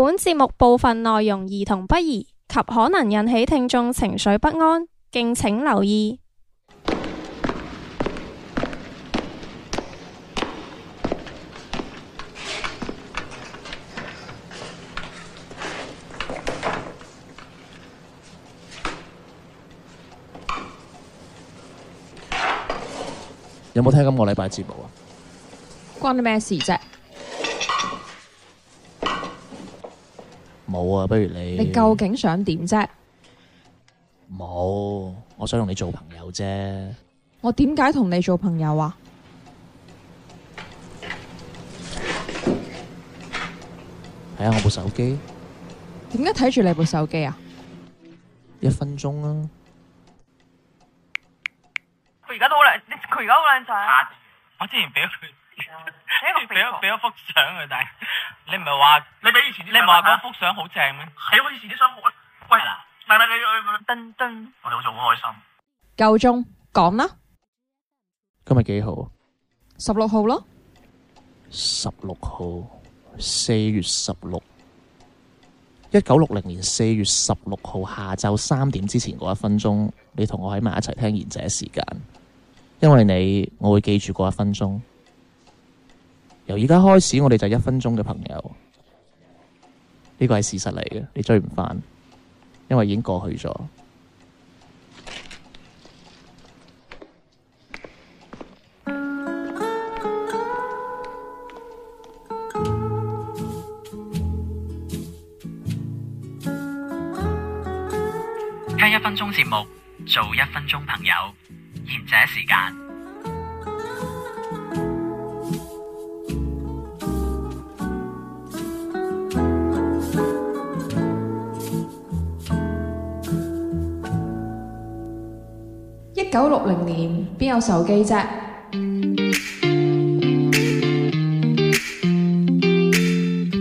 本節目部分內容兒童不宜及可能引起聽眾情緒不安，敬請留意。有冇聽今個禮拜節目啊？關你咩事啫？冇啊，不如你你究竟想點啫？冇，我想同你做朋友啫。我點解同你做朋友啊？睇下我部手機。點解睇住你部手機啊？一分鐘啊。佢而家都好靚，佢而家好靚仔。我之前畀佢。俾咗俾咗幅相佢哋，你唔係話你俾以前，你唔係話嗰幅相好正咩？係、嗯啊 哎、我以前啲相好啊。喂，啦的。咪咪、嗯嗯、我哋好似好開心。夠鐘講啦。今幾日幾號？十六號咯。十六號，四月十六，一九六零年四月十六號下晝三點之前嗰一分鐘，你我同我喺埋一齊聽賢者時間，因為你我會記住嗰一分鐘。由而家開始，我哋就一分鐘嘅朋友，呢個係事實嚟嘅，你追唔返，因為已經過去咗。聽一分鐘節目，做一分鐘朋友，賢者時間。一九六零年邊有手機啫？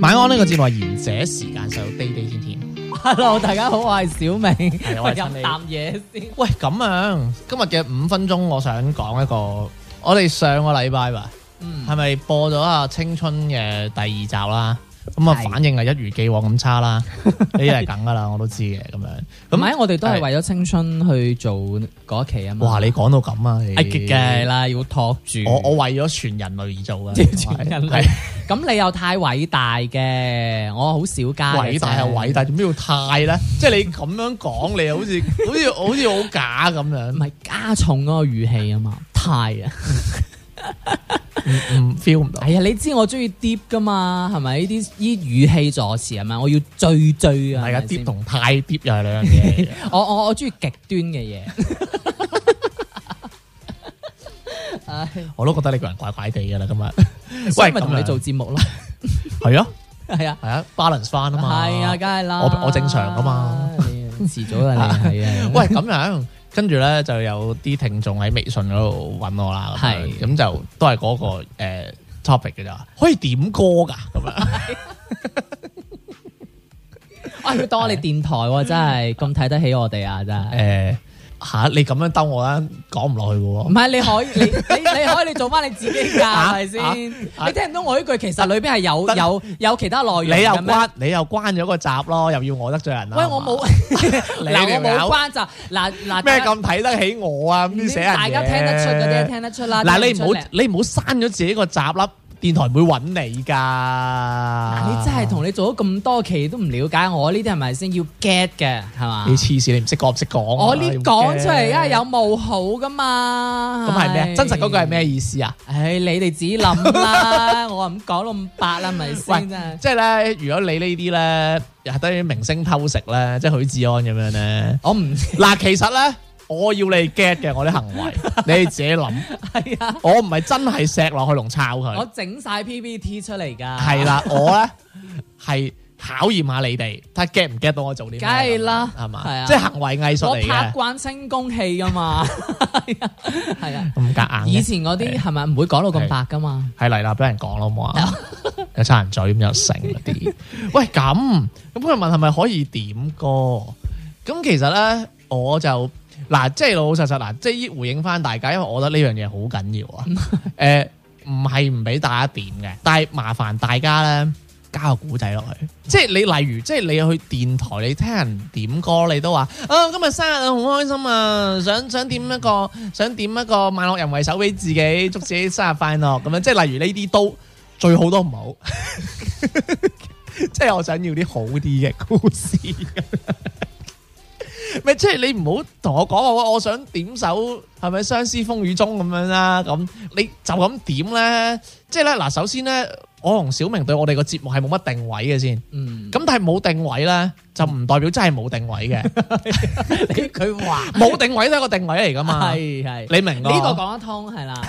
晚安，呢個節目係《賢者時間秀》，day day 天天。Hello，大家好， 我係小明。 我飲啖嘢先。喂，咁樣今日嘅五分鐘，我想講一個，我哋上個禮拜吧，係咪、嗯、播咗啊《青春》嘅第二集啦？咁啊，反應係一如既往咁差啦，呢啲係梗㗎啦，我都知嘅咁樣。咁咪我哋都係為咗青春去做嗰一期啊嘛。哇！你講到咁啊，係極嘅啦，要托住。我我為咗全人類而做啊！全人類。咁你又太偉大嘅，我好少加。偉大係偉大，做咩要太咧？即係你咁樣講，你又好似好似好似好假咁樣。唔係加重嗰個語氣啊嘛，太啊！唔 feel 唔到，哎呀，你知我中意 deep 噶嘛，係咪？呢啲呢語氣助詞係咪？我要最最啊，大家 deep 同太 deep 又係兩樣嘢。我我我中意極端嘅嘢，我都 覺得你個人怪怪地噶、 啊、啦，今日，喂，咁樣你做節目啦，係啊，係啊，係啊，balance 翻啊嘛，係啊，梗係啦，我我正常噶嘛，遲早啦你，係啊， 喂，咁樣。跟住咧就有啲聽眾喺微信嗰度揾我啦，係，咁就都係嗰、嗰個、呃、topic 嘅咋，可以點歌噶咁樣，啊要當我哋電台喎、啊，真係咁睇得起我哋啊，真係。呃吓、啊！你咁樣兜我咧，講唔落去嘅喎。唔係，你可以，你你你可以，你做翻你自己噶，係咪先？啊、你聽唔到我呢句，其實裏邊係有但有有其他內容。你又關，你又關咗個閘咯，又要我得罪人啦。喂，我冇，嗱我冇關閘，嗱嗱咩咁睇得起我啊？咁衰人嘅。你大家聽得出嗰啲，聽得出啦。嗱，你唔好你唔好刪咗自己個閘啦。電台唔會搵你噶、啊，你真係同你做咗咁多期都唔了解我呢啲係咪先？要 get 嘅係嘛？你黐線，你唔識講唔識講。我呢講出嚟，因為有冇好噶嘛。咁係咩？真實嗰句係咩意思啊？唉，你哋自己諗啦。 我咁講到，咁白啦，咪先。 即係咧，如果你呢啲咧，又係等於明星偷食咧，即係許志安咁樣咧，我唔嗱， 其實咧。我要你 get 嘅我啲行為， 你自己諗。係啊，我唔係真係錫落去同抄佢。我整晒 PPT 出嚟噶。係啦，我咧係考驗下你哋，睇 get 唔 get 到我做啲嘢。梗係啦，係嘛，係 啊，即係行為藝術嚟嘅。我拍慣清宮戲噶嘛，係啊，咁夾硬。以前嗰啲係咪唔會講到咁白噶嘛？係嚟啦，俾人講咯，冇啊，又插、啊、人， 人嘴，又成嗰啲。喂，咁咁佢問係咪可以點歌？咁其實咧，我就。嗱，即係老老實實嗱，即係要回應翻大家，因為我覺得呢樣嘢好緊要啊。誒、 呃，唔係唔俾大家點嘅，但係麻煩大家咧，加個古仔落去。即係你例如，即係你去電台你聽人點歌，你都話啊、哦，今日生日好開心啊，想想點一個，想點一個萬樂人為首俾自己，祝自己生日快樂咁樣。即係例如呢啲都最好都唔好， 即係我想要啲好啲嘅故事。 咪即係你唔好同我講話，我想點首係咪《相思風雨中》咁樣啦？咁你就咁點咧？即係咧嗱，首先咧，我同小明對我哋個節目係冇乜定位嘅先。嗯。咁但係冇定位咧，就唔代表真係冇定位嘅。你佢話冇定位都係一個定位嚟噶嘛？係係，你明？呢個講得通係啦，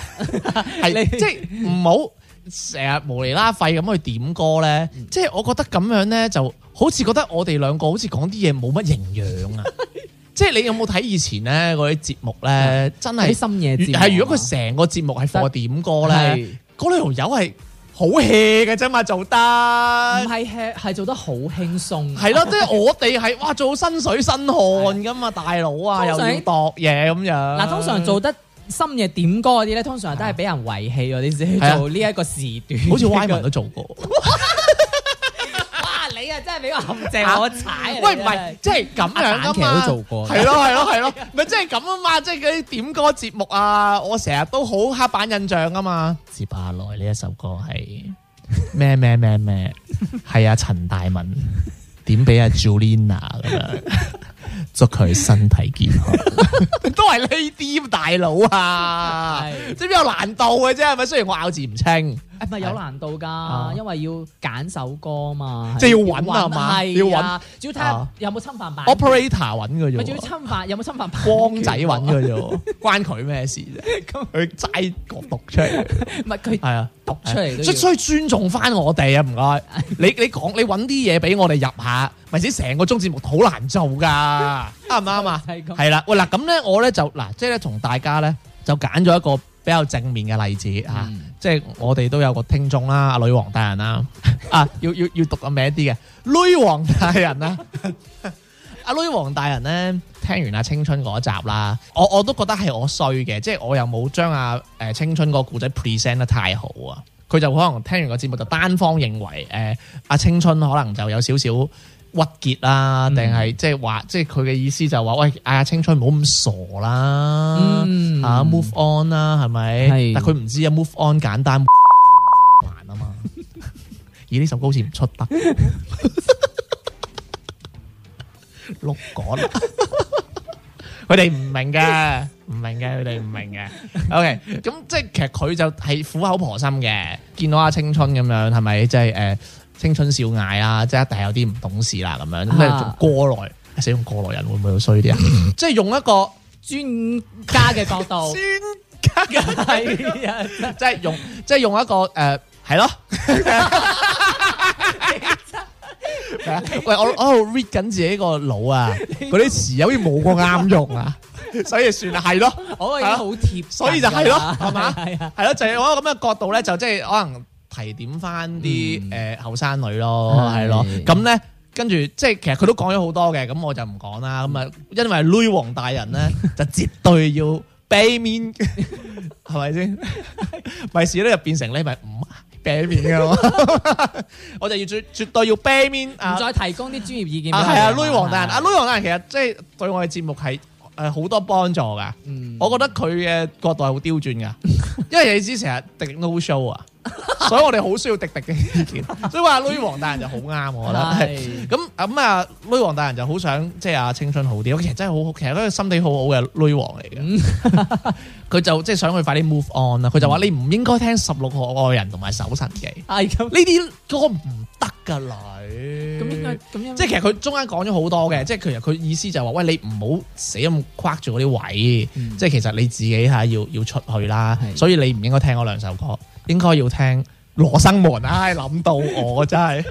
係即係唔好。成日無厘啦廢咁去點歌咧，嗯、即係我覺得咁樣咧，就好似覺得我哋兩個好似講啲嘢冇乜營養啊！ 即係你有冇睇以前咧嗰啲節目咧，嗯、真係啲深夜節目係如果佢成個節目係貨點歌咧，嗰兩條友係好 hea 嘅啫嘛，做得唔係 hea，係做得好輕鬆，係咯，即係我哋係哇做身水身汗噶嘛，的大佬啊，常又要度嘢咁樣，嗱，通常，常做得。深夜點歌嗰啲咧，通常都係俾人遺棄嗰啲先，做呢一個時段。好似歪文都做過。哇！ 你啊真係俾個陷阱我踩。喂，唔係，即係咁樣噶嘛。都做過。係咯，係咯，係咯。咪即係咁啊嘛！即係佢啲點歌節目啊，我成日都好刻板印象啊嘛。接下來呢一首歌係咩咩咩咩？係啊，陳大文 點俾阿 Julina。 祝佢身體健康， 都係呢啲大佬啊，知唔知有難度嘅啫？係咪？雖然我咬字唔清。誒咪有難度㗎，因為要揀首歌嘛，即係要揾啊嘛，要揾，主要睇下有冇侵犯版？Operator 揾嘅啫，咪仲要侵犯，有冇侵犯版？光仔揾嘅啫，關佢咩事啫？咁佢齋讀讀出嚟，唔係佢係啊讀出嚟，即係所以尊重返我哋啊，唔該。你你講你揾啲嘢俾我哋入下，咪先成個中節目好難做㗎，啱唔啱啊？係啦，喂嗱，咁咧我咧就嗱，即係咧同大家咧就揀咗一個。比較正面嘅例子、嗯、啊，即係我哋都有個聽眾啦、啊，阿女王大人啦、啊， 啊，要要要讀個名啲嘅，女王大人啦、啊，阿 女王大人咧，聽完阿、啊、青春嗰一集啦、啊，我我都覺得係我衰嘅，即係我又冇將阿誒青春嗰個故仔 present 得太好啊，佢就可能聽完個節目就單方認為，誒、呃，阿、啊、青春可能就有少少。屈結啦，定係即係話，即係佢嘅意思就話，喂，嗌阿青春唔好咁傻啦，吓 move on 啦，係咪？但佢唔知啊，move on 簡單難啊嘛，而呢首歌好似唔出得，六哥啦，佢哋唔明嘅，唔明嘅，佢哋唔明嘅。OK，咁即係其實佢就係苦口婆心嘅，見到阿青春咁樣，係咪？即係誒。青春少艾啊，即係一定有啲唔懂事啦，咁樣咩？過來使用過來人會唔會衰啲啊？即係 用一個專家嘅角度，專家嘅係啊，即係用，即係用一個誒，係咯。真 喂，我我喺度 read 緊自己個腦啊，嗰啲詞有啲冇個啱用啊， 所以算啦，係咯，我依家好貼，所以就係咯，係嘛 吧，係咯，就係我咁嘅角度咧，就即係可能。提點翻啲誒後生女咯，係咯，咁咧，跟住即係其實佢都講咗好多嘅，咁我就唔講啦。咁啊，因為女王大人咧就絕對要畀面，係咪先？咪事咧就變成你咪唔畀面嘅咯。我就要絕絕對要畀面。唔再提供啲專業意見。係啊，女王大人，阿女王大人其實即係對我嘅節目係誒好多幫助㗎。我覺得佢嘅角度係好刁鑽㗎，因為你知成日定 no show 啊。所以我哋好需要滴滴嘅意見， 所以話女皇大人就好啱我咧。咁咁啊，女皇大人就好想即係啊，就是，青春好啲。其實真係好好，其實都係心底好好嘅女皇嚟嘅。佢就即係想去快啲 move on 啦。佢就話「你唔應該聽十六號愛人同埋手神嘅。」呢啲歌唔得噶，女咁應該咁樣。即係其實佢中間講咗好多嘅，即係其實佢意思就係、是、話，喂，你唔好死咁框住嗰啲位。嗯、即係其實你自己吓要要，要出去啦。的所以你唔應該聽嗰兩首歌。應該要聽羅生門，唉，諗到我真係，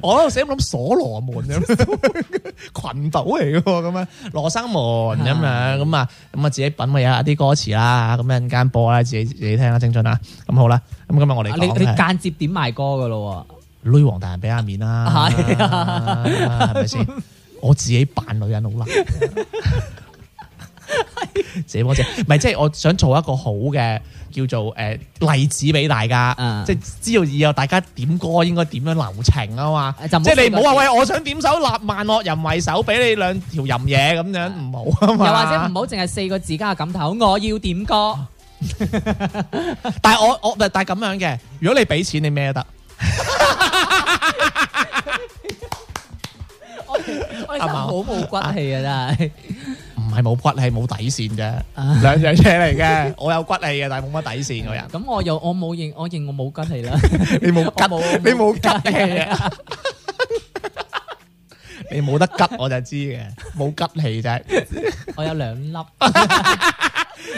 我喺度想諗所羅門咁，群島嚟嘅咁啊，羅生門咁 樣，咁啊，咁啊，自己品味一下啲歌詞啦，咁一陣間播啦，自己自己聽啦，精進啊，咁好啦，咁今日我哋你你間接點賣歌嘅咯，女皇大人俾下面啦，係咪先？我自己扮女人好難。 謝波借，唔係即係我想做一個好嘅叫做誒例子俾大家，即係知道以後大家點歌應該點樣流程啊嘛。即係你唔好話喂，我想點首《納萬惡人為首》俾你兩條淫嘢，咁樣，唔好啊嘛。又或者唔好淨係四個字加個感嘆號，我要點歌。但係我我唔係，但係咁樣嘅，如果你俾錢，你咩都得。我我真係好冇骨氣啊，真係。唔係冇骨氣，係冇底線啫。兩隻嘢嚟嘅，我有骨氣嘅，但係冇乜底線嘅人。咁我又我冇認，我認我冇骨氣啦。你冇骨，冇你冇骨氣啊？你冇得骨，我就知嘅。冇吉氣啫。我有兩粒，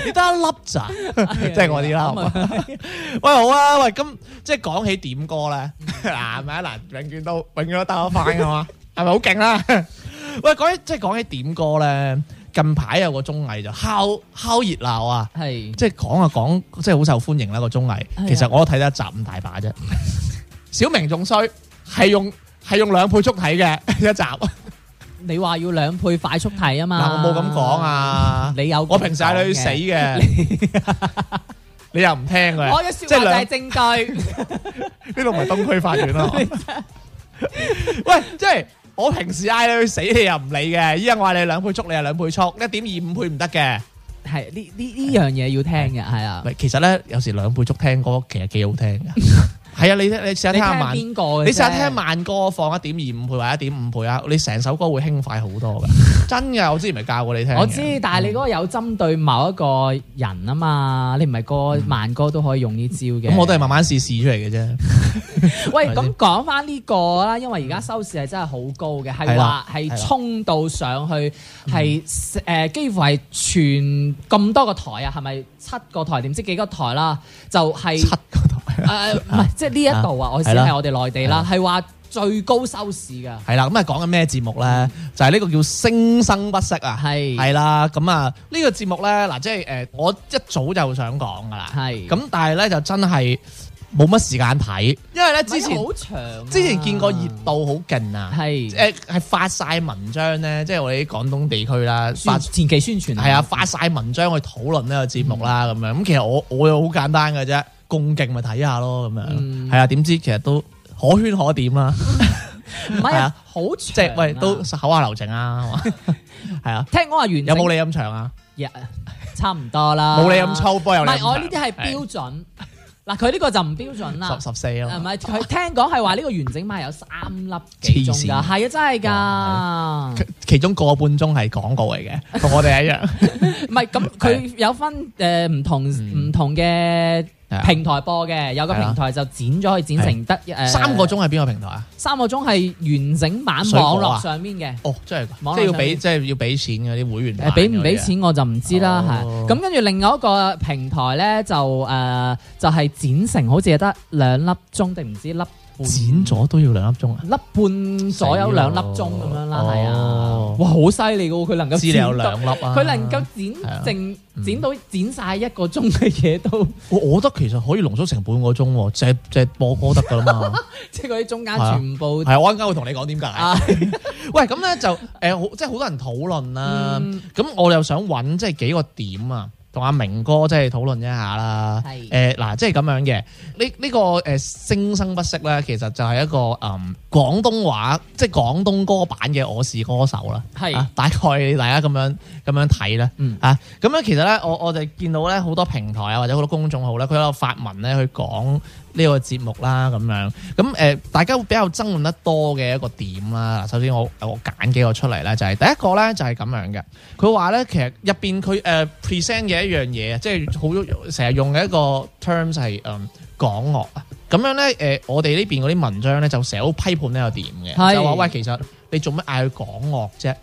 你得一粒咋？即係我啲啦，係嘛？喂，好啊，喂，咁即係講起點歌咧嗱，係咪啊？嗱，永遠都永遠都兜翻噶嘛？係咪好勁啦？喂，講起即係講起點歌咧。近排有個綜藝就好好熱鬧啊，即係講啊講，即係好受歡迎啦個綜藝。其實我都睇得一集咁大把啫。小明仲衰，係用係用兩倍速睇嘅一集。你話要兩倍快速睇啊嘛？我冇咁講啊。你有我平時係去死嘅，你又唔聽嘅。我嘅事實就係證據。呢度唔係東區法院咯。喂，即係。我平時嗌你去死你又唔理嘅，依家我話你兩倍速你又兩倍速，一點二五倍唔得嘅。係呢呢呢樣嘢要聽嘅，係啊。喂，其實咧有時兩倍速聽歌其實幾好聽嘅。 係啊，你你試下聽下慢，你試下聽慢歌放，放一點二五倍或一點五倍啊，你成首歌會輕快好多㗎，真㗎。我之前咪教過你聽。我知，但係你嗰個有針對某一個人啊嘛，你唔係個慢歌都可以用呢招嘅。咁、嗯、我都係慢慢試試出嚟嘅啫。 喂，咁講翻呢個啦，因為而家收視係真係好高嘅，係話係衝到上去，係誒幾乎係全咁多個台啊，係咪七個台？點知幾個台啦？就係、七。誒，唔係，即係呢一度啊，我先係我哋內地啦，係話最高收視嘅。係啦，咁啊講緊咩節目咧？就係呢個叫《聲生不息》啊。係係啦，咁啊呢個節目咧嗱，即係誒，我一早就想講噶啦。係咁，但係咧就真係冇乜時間睇，因為咧之前好長，之前見過熱度好勁啊。係誒，係發晒文章咧，即係我哋啲廣東地區啦，發前期宣傳係啊，發晒文章去討論呢個節目啦，咁樣咁。其實我我又好簡單嘅啫。共勁咪睇下咯，咁樣係啊？點知其實都可圈可點啦，係啊，好長啊，即係喂，都口下留情啊，係啊。聽講話完有冇你咁長啊？差唔多啦，冇你咁粗波。唔係我呢啲係標準，嗱佢呢個就唔標準啦，十十四咯。唔係佢聽講係話呢個完整版有三粒，黐線係啊，真係噶，其中個半鐘係廣告嚟嘅，同我哋一樣。唔係咁，佢有分誒唔同唔同嘅。平台播嘅有個平台就剪咗，可以剪成得誒的、呃、三個鐘，係邊個平台啊？三個鐘係完整版網絡上面嘅哦，真係即係要俾即係要俾錢嘅啲會員誒，俾唔俾錢我就唔知啦嚇。咁跟住另外一個平台咧就誒、呃、就係、是、剪成好似係得兩粒鐘定唔知粒鐘。剪咗都要兩粒鐘啊，粒半左右兩粒鐘咁樣啦，係啊、哦，哇好犀利噶喎，佢能夠剪到，佢、啊、能夠剪剩剪、嗯、剪到剪晒一個鐘嘅嘢都，我、哦、我覺得其實可以濃縮成半個鐘，就係就係播歌得噶啦嘛，即係嗰啲中間全部係的對我陣間會同你講點解， 喂咁咧就誒、呃，即係好多人討論啦，咁、嗯、我又想揾即係幾個點啊。同阿明哥即係討論一下啦。係誒，嗱，即係咁樣嘅，呢呢個誒《聲生不息》咧，其實就係一個誒廣、呃、東話，即係廣東歌版嘅《我是歌手》啦是。係、啊，大概大家咁樣咁樣睇咧。嗯啊，咁樣其實咧，我我就見到咧好多平台啊，或者好多公眾號咧，佢有發文咧去講。呢個節目啦咁樣，咁誒大家會比較爭論得多嘅一個點啦。首先我我揀幾個出嚟啦，就係、是、第一個咧就係、是、咁樣嘅。佢話咧其實入邊佢誒 present 嘅一樣嘢，即係好成日用嘅一個 terms 係誒港樂啊。咁、嗯、樣咧誒、嗯，我哋呢邊嗰啲文章咧就成日好批判呢個點嘅，對 就話喂其實你做乜嗌佢港樂啫？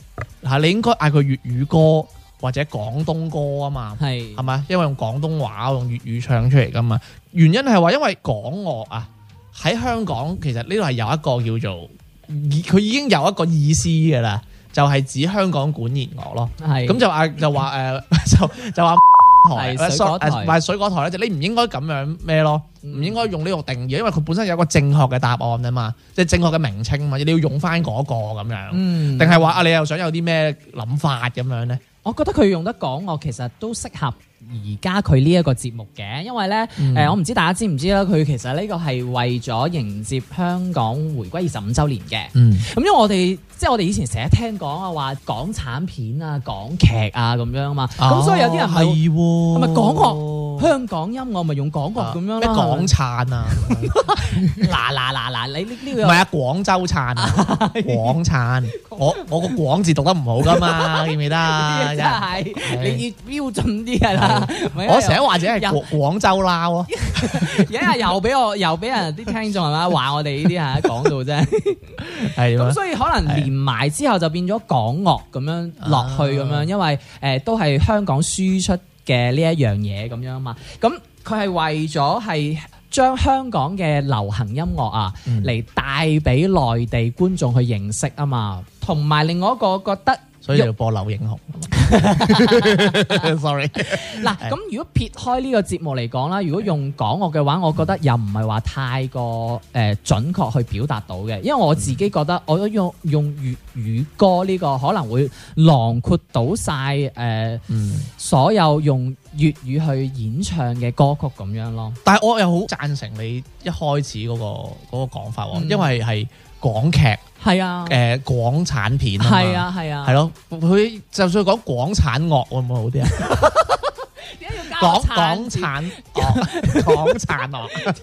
嚇、啊，你應該嗌佢粵語歌或者廣東歌啊嘛，係係咪？因為用廣東話用粵語唱出嚟噶嘛。原因係話，因為港樂啊喺香港，其實呢度係有一個叫做佢已經有一個意思嘅啦，就係、是、指香港管弦樂咯。咁的就話就話誒，就、呃、就話 台水果台，買、呃、水果台咧，就你唔應該咁樣咩咯。唔應該用呢個定義，因為佢本身有個正確嘅答案啊嘛，即係正確嘅名稱嘛，你要用翻、那、嗰個咁樣，定係話啊？你又想有啲咩諗法咁樣呢？我覺得佢用得港樂其實都適合而家佢呢一個節目嘅，因為呢，嗯呃、我唔知大家知唔知啦？佢其實呢個係為咗迎接香港回歸二十五周年嘅，嗯，咁因為我哋即係我哋以前成日聽講啊話港產片啊、港劇啊咁樣啊嘛，咁、哦、所以有啲人係咪港樂、哦、係係香港音樂咪用港樂咁樣咯？港燦啊，嗱嗱嗱嗱，你呢呢個唔係啊，廣州燦，廣燦，我我個廣字讀得唔好噶嘛，見唔見得？真係，你要標準啲噶啦。我成日話者係廣州撈，而家又俾我又俾人啲聽眾係咪啊，話我哋呢啲喺講到啫，係咁。所以可能連埋之後就變咗港樂咁樣落去咁樣，因為誒都係香港輸出嘅呢一樣嘢咁樣啊嘛，咁。佢係為咗係將香港嘅流行音樂啊，嚟帶俾內地觀眾去認識啊嘛，同埋另外一個覺得，所以要播《劉英雄》 Sorry.Sorry，嗱咁如果撇開呢個節目嚟講啦，如果用港樂嘅話，我覺得又唔係話太過誒準確去表達到嘅，因為我自己覺得我用用粵語歌呢個可能會囊括到晒誒所有用。粵語去演唱嘅歌曲咁樣咯，但係我又好贊成你一開始嗰、那個嗰講、那個、法喎，嗯、因為係港劇係啊，誒、呃、港產片啊，啊係啊，係咯，佢他就算講港產樂會唔會好啲啊？點解要講港產港港產樂？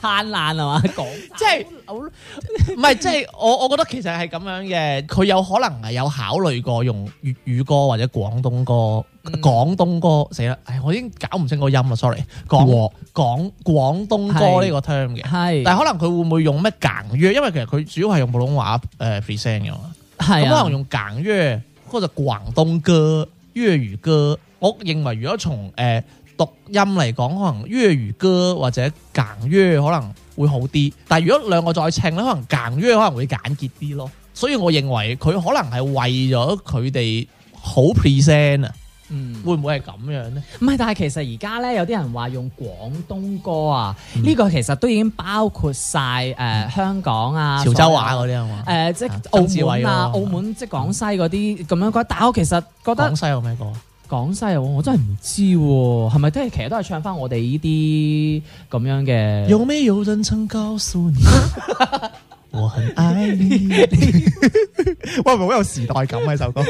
產樂 燦爛啊嘛，講即係好唔係？即係我我覺得其實係咁樣嘅，佢有可能係有考慮過用粵語歌或者廣東歌。廣、嗯、東歌死啦！唉，我已經搞唔清個音啦，sorry。廣廣廣東歌呢是個 term 嘅，係是但係可能佢會唔會用咩簡粵？因為其實佢主要係用普通話誒 present 嘅嘛，係、呃、咁、啊、可能用簡粵或者廣東歌、粵語歌。我認為如果從誒、呃、讀音嚟講，可能粵語歌或者簡粵可能會好啲。但係如果兩個再稱咧，可能簡粵可能會簡潔啲咯。所以我認為佢可能係為咗佢哋好 present 啊。嗯，會唔會係咁樣咧？唔係，但係其實而家咧有啲人話用廣東歌啊，呢個其實都已經包括晒誒香港啊、潮州話嗰啲啊嘛。誒，即係澳門啊、澳門即係廣西嗰啲咁樣嘅。但我其實覺得廣西有咩歌？廣西我真係唔知喎，係咪都係其實都係唱翻我哋呢啲咁樣嘅？有咩有人曾告訴你，我很愛你？哇，係咪好有時代感呢首歌。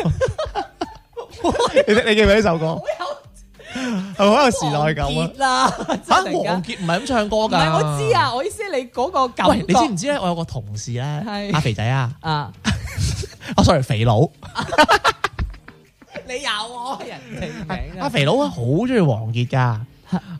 你 你記唔記得呢首歌？好有，係好有時代感啊！嗱，吓，王傑唔係咁唱歌噶。唔係，我知啊，我意思你嗰個感覺。你知唔知咧？我有個同事咧，阿是、啊、肥仔啊，啊、 哦，我 sorry，肥佬。 你有我、啊、人名啊？阿、啊、肥佬啊，好中意王傑噶。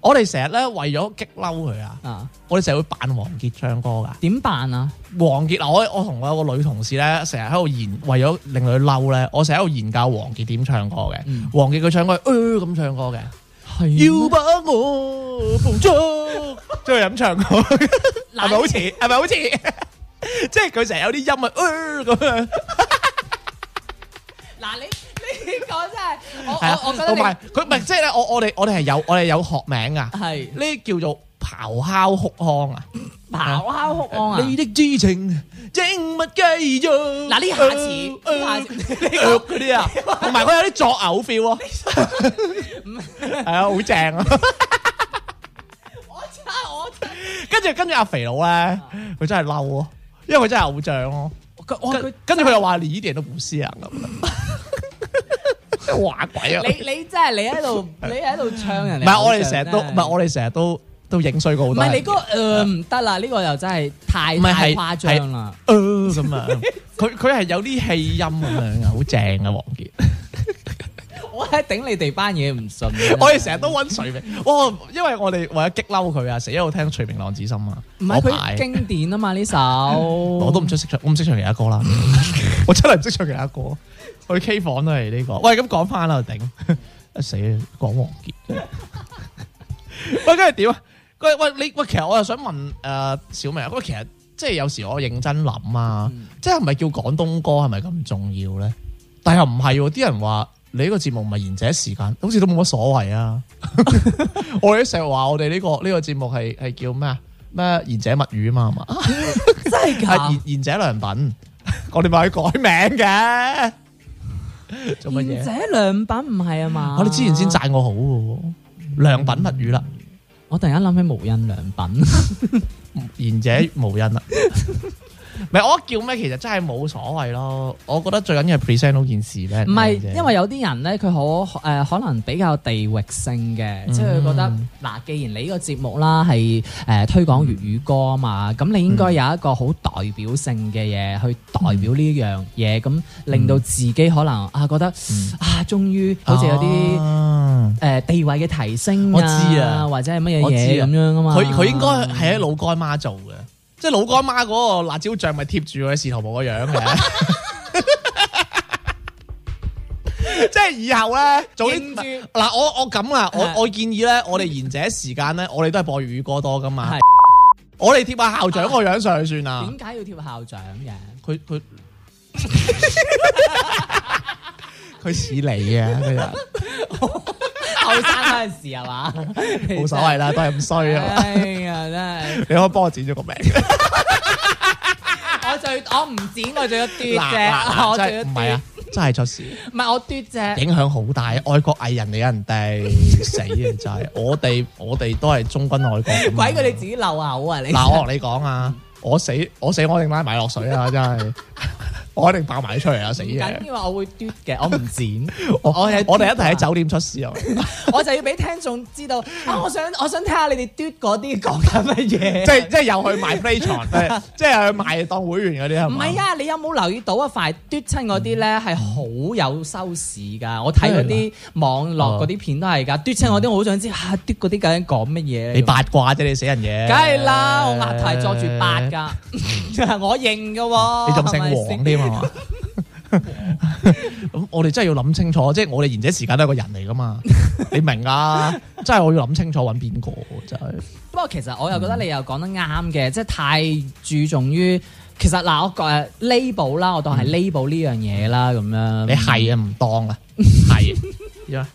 我哋成日咧為咗激嬲佢啊！我哋成日會扮王傑唱歌噶。點辦啊？王傑啊！我我同我有個女同事咧，成日喺度研，為咗令佢嬲咧，我成日喺度研究王傑點唱歌嘅。嗯、王傑佢唱歌咁，呃、唱歌嘅，要把我放縱，即係咁唱歌。係咪好似？係咪好似？即係佢成日有啲音啊咁樣。嗱、呃、你。 講真係，係啊，同埋佢唔係即係咧，我我哋我哋係有我哋有學名啊，係呢叫做咆哮哭腔啊，咆哮哭腔啊，你的知情盡勿寄衷。嗱呢下詞，呢樂嗰啲啊，同埋佢有啲作嘔 feel 啊，係啊，好正啊。我差我差。跟住跟住阿肥佬咧，佢真係嬲啊，因為佢真係偶像咯。跟跟住佢又話連呢啲人都唔知啊咁。即係話鬼啊！你你真係你喺度你喺度唱人，唔係我哋成日都唔係我哋成日都都影衰過好多。唔係你嗰誒唔得啦！呢個又真係太太誇張啦。咁啊，佢佢係有啲氣音咁樣啊，好正啊！王傑，我係頂你哋班嘢唔信。我哋成日都搵徐明，因為我哋為咗激嬲佢啊，成日一路聽《徐明浪子心》啊。唔係佢經典啊嘛呢首。我都唔識識唱，我唔識唱其他歌啦。我真係唔識唱其他歌。去 K 房都係呢、這個，喂咁講翻啦，頂、啊，死講王傑， 喂，跟住點啊？喂，喂，你喂，其實我又想問誒，小明，喂，其實即係有時我認真諗啊，嗯、即係係咪叫廣東歌係咪咁重要咧？但係又唔係，啲人話你呢個節目唔係賢者時間，好似都冇乜所謂啊！ 我哋成日話我哋呢、這個呢、這個節目係係叫咩啊？咩賢者物語啊嘛，係嘛、啊？真係噶，賢 者良品，我哋咪去改名嘅。賢者良品唔係啊嘛，我哋之前先讚我好喎，良品物語啦。我突然間諗起無印良品，賢 者無印啦。 唔係我叫咩？其實真係冇所謂咯。我覺得最緊要係 present 嗰件事咧。唔係，因為有啲人咧，佢好誒可能比較地域性嘅，即係佢覺得嗱，嗯、既然你呢個節目啦係誒推廣粵語歌啊嘛，咁、嗯、你應該有一個好代表性嘅嘢，去代表呢樣嘢，咁令到自己可能啊覺得、嗯、啊終於好似有啲誒地位嘅提升、啊啊、我知啊，或者係乜嘢嘢咁樣啊嘛。佢佢應該係喺老乾媽做嘅。即係老乾媽嗰個辣椒醬咪貼住佢線頭婆個樣嘅， 即係以後咧，總之嗱，我我咁啊，我的我，我建議咧，我哋賢者時間咧，我哋都係播粵語歌多噶嘛，的我哋貼下校長個樣上去算啦。點解、啊、要貼校長嘅？佢佢佢屎你啊！佢啊。 後生嗰陣時係嘛，冇所謂啦，都係咁衰啊！哎呀，真係 你可以幫我剪咗個名 我我，我最、啊啊、我唔剪，我仲要嘟！啫，我唔係啊，真係出事，唔係 我嘟啫！影響好大，國藝 就是、愛國藝人嚟，人哋，死啊！真係，我哋我哋都係忠君愛國，鬼佢哋自己漏口啊！你嗱 我同你講啊，我死我死我一定拉埋落水啊！真係。 我一定爆埋出嚟啊！死嘢，緊要我會嘟嘅，我唔剪。我我哋一齊喺酒店出事啊！我就要俾聽眾知道啊！我想我想睇下你哋嘟嗰啲講緊乜嘢？即即又去賣飛牀，即係去賣當會員嗰啲啊！唔係啊！你有冇留意到快嘟親嗰啲咧係好有收視噶？我睇嗰啲網絡嗰啲片都係噶，嘟親嗰啲我好想知吓嘟嗰啲究竟講乜嘢？你八卦啫，你死人嘢，梗係啦！我額頭係坐住八噶，我認噶喎，你仲姓王添咁 我哋真係要諗清楚，即、就、係、是、我哋賢者時間都係一個人嚟噶嘛？你明啊？真係我要諗清楚揾邊個就係。真 不過其實我又覺得你又講得啱嘅，嗯、即係太注重於其實嗱，我覺 label, 我 label、嗯、啦，我當係 label 呢樣嘢啦，咁樣你係啊唔當啦，係是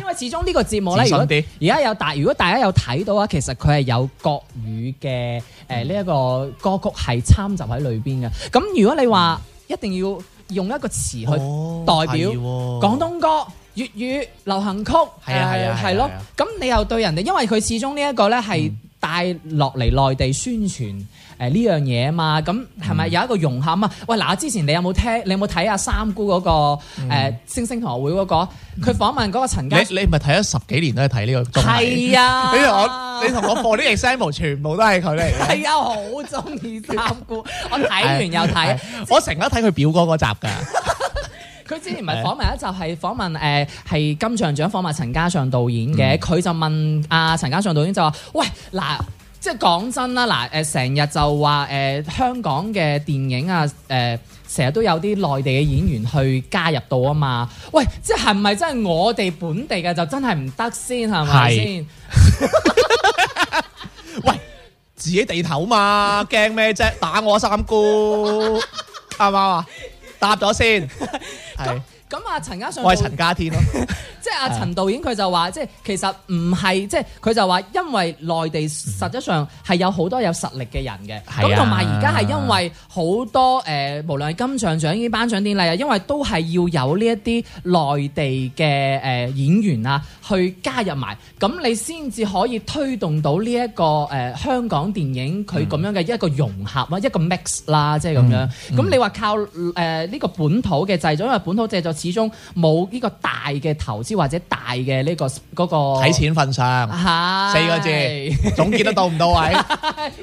因為始終呢個節目咧，而家有大，如果大家有睇到啊，其實佢係有國語嘅誒呢一個歌曲係參雜喺裡邊嘅。咁如果你話，一定要用一個詞去代表、哦、廣東歌、粵語流行曲，係啊，係啊，係咯。咁你又對人哋，因為佢始終呢一個呢係帶落嚟內地宣傳。嗯誒呢、嗯、樣嘢啊嘛，咁係咪有一個融合啊嘛？喂，嗱，之前你有冇聽？你有冇睇阿三姑嗰、那個、嗯呃、星星同學會嗰、那個？佢、嗯、訪問嗰個陳家，你你唔係睇咗十幾年都係睇呢個？係啊！ 你同我，你同我播啲 example，全部都係佢嚟。係啊，好中意三姑， 我睇完又睇、啊啊，我成日睇佢表哥嗰集㗎。佢 之前唔係訪問一集，係訪問誒係、呃、金像獎訪問陳嘉上導演嘅，佢、嗯、就問阿、啊、陳嘉上導演就話：喂，嗱。即係講真啦，嗱，誒，成日就話，誒，香港嘅電影啊，誒，成日都有啲內地嘅演員去加入到啊嘛，喂，即係係咪真係我哋本地嘅就真係唔得先係咪先？喂，自己地頭嘛，驚咩啫？打我三姑，啱啱啊，答咗先，係 是。咁啊，陳家上，我係陳家天咯， 即係阿陳導演佢就話，即係其實唔係，即係佢就話，因為內地實質上係有好多有實力嘅人嘅，咁同埋而家係因為好多誒，無論係金像獎已經頒獎典禮啊，因為都係要有呢一啲內地嘅誒演員啊。去加入埋，咁你先至可以推動到呢、這、一個誒、呃、香港電影佢咁樣嘅一個融合啊，嗯、一個 mix 啦，即係咁樣。咁、嗯、你話靠誒呢、呃這個本土嘅製作，因為本土製作始終冇呢個大嘅投資或者大嘅呢、這個嗰睇、那個、錢份上，係是四個字 總結得到唔到位？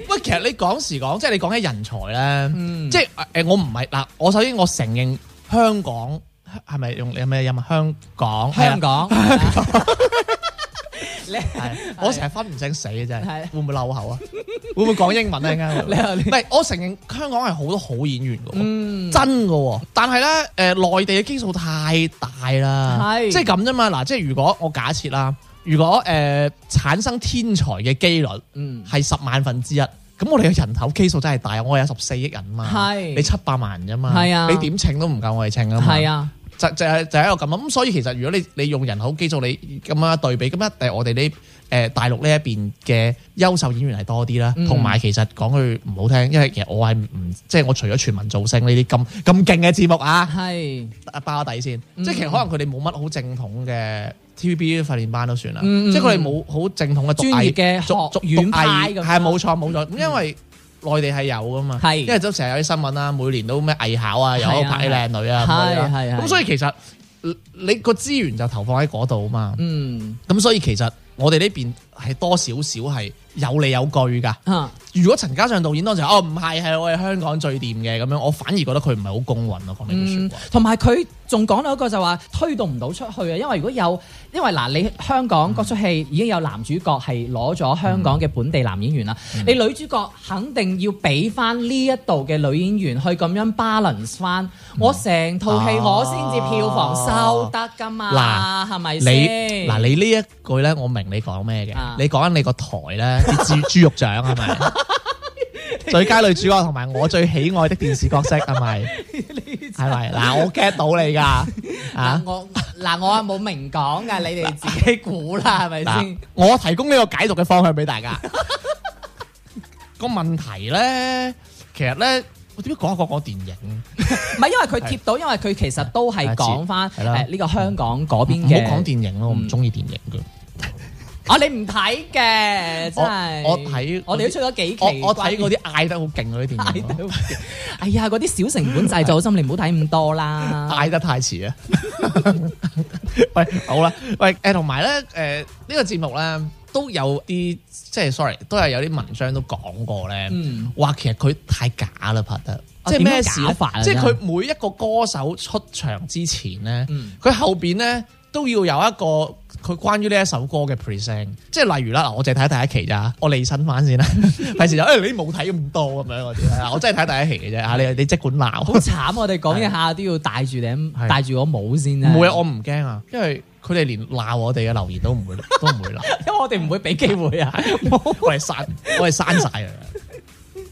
喂， 其實你講時講，即、就、係、是、你講起人才咧，嗯、即係誒我唔係嗱，我首先我承認香港。係咪用？有咩？有咪香港？香港，你係 的的我成日分唔清死嘅真係，會唔會漏口啊？ 會唔會講英文咧？會會文你，你？係，我承認香港係好多好演員嘅，嗯，真嘅。但係咧，誒、呃、內地嘅基數太大啦，係即係咁啫嘛。嗱，即係如果我假設啦，如果誒、呃、產生天才嘅機率，嗯，係十萬分之一，咁我哋嘅人口基數真係大，我哋有十四億人嘛，係的你七百萬啫嘛，係啊，你點請都唔夠我哋請啊，係啊。就就係一喺個咁咁，所以其實如果你你用人口基礎你咁樣對比，咁一定係我哋呢誒大陸呢一邊嘅優秀演員係多啲啦，同埋、嗯、其實講句唔好聽，因為其實我係唔即係我除咗全民造星呢啲咁咁勁嘅節目啊，係是包底先，嗯、即係其實可能佢哋冇乜好正統嘅 TVB 訓練班都算啦，嗯、即係佢哋冇好正統嘅專業嘅讀藝咁，係冇錯冇錯，因為。內地係有㗎嘛，係因為都成日有啲新聞啦、啊，每年都咩藝考啊，有一批靚、啊啊、女啊，咁、啊啊、所以其實你個資源就投放喺嗰度啊嘛，咁、嗯、所以其實我哋呢邊。係多少少係有理有據噶。嗯、如果陳嘉上導演當時哦唔係係我哋香港最掂嘅，咁樣，我反而覺得佢唔係好公允咯講呢啲説話。同埋佢仲講到一個就話推動唔到出去啊，因為如果有因為嗱、呃、你香港嗰出戲、嗯、已經有男主角係攞咗香港嘅本地男演員啦，嗯、你女主角肯定要俾翻呢一度嘅女演員去咁樣 balance 翻，嗯哦、我成套戲我先至票房收得噶嘛。嗱係咪？你嗱你呢一句咧，我明你講咩嘅？你講緊你個台咧，豬豬肉獎係咪？最佳女主角同埋我最喜愛的電視角色係咪？係咪？嗱，我 get 到你噶。啊，我嗱我係冇明講噶，你哋自己估啦，係咪先？我提供呢個解讀嘅方向俾大家。個問題咧，其實咧，我點解講一講個電影？唔係因為佢貼到，因為佢其實都係講翻誒呢個香港嗰邊嘅。唔好講電影咯，我唔中意電影噶。啊！你唔睇嘅，真係我睇，我哋都出咗幾期。我睇嗰啲嗌得好勁嗰啲電影。哎呀，嗰啲小成本製作，心你唔好睇咁多啦。嗌得太遲啊！喂，好啦，喂，誒，同埋咧，誒，呢個節目咧都有啲，即係 sorry，都係有啲文章都講過咧，話其實佢太假啦，拍得即係咩事咧？即係佢每一個歌手出場之前咧，佢後邊咧都要有一個。佢關於呢一首歌嘅 present，即係例如啦，我淨係睇第一期咋，我離身翻先啦。第時就誒、欸，你冇睇咁多咁樣嗰啲，我真係睇第一期嘅啫嚇。你你即管鬧，好慘！我哋講一下都要戴住頂戴住個帽先啊。唔會，我唔驚啊，因為佢哋連鬧我哋嘅留言都唔會， 都唔會鬧，因為我哋唔會俾機會啊。 我係刪，我係刪晒啊！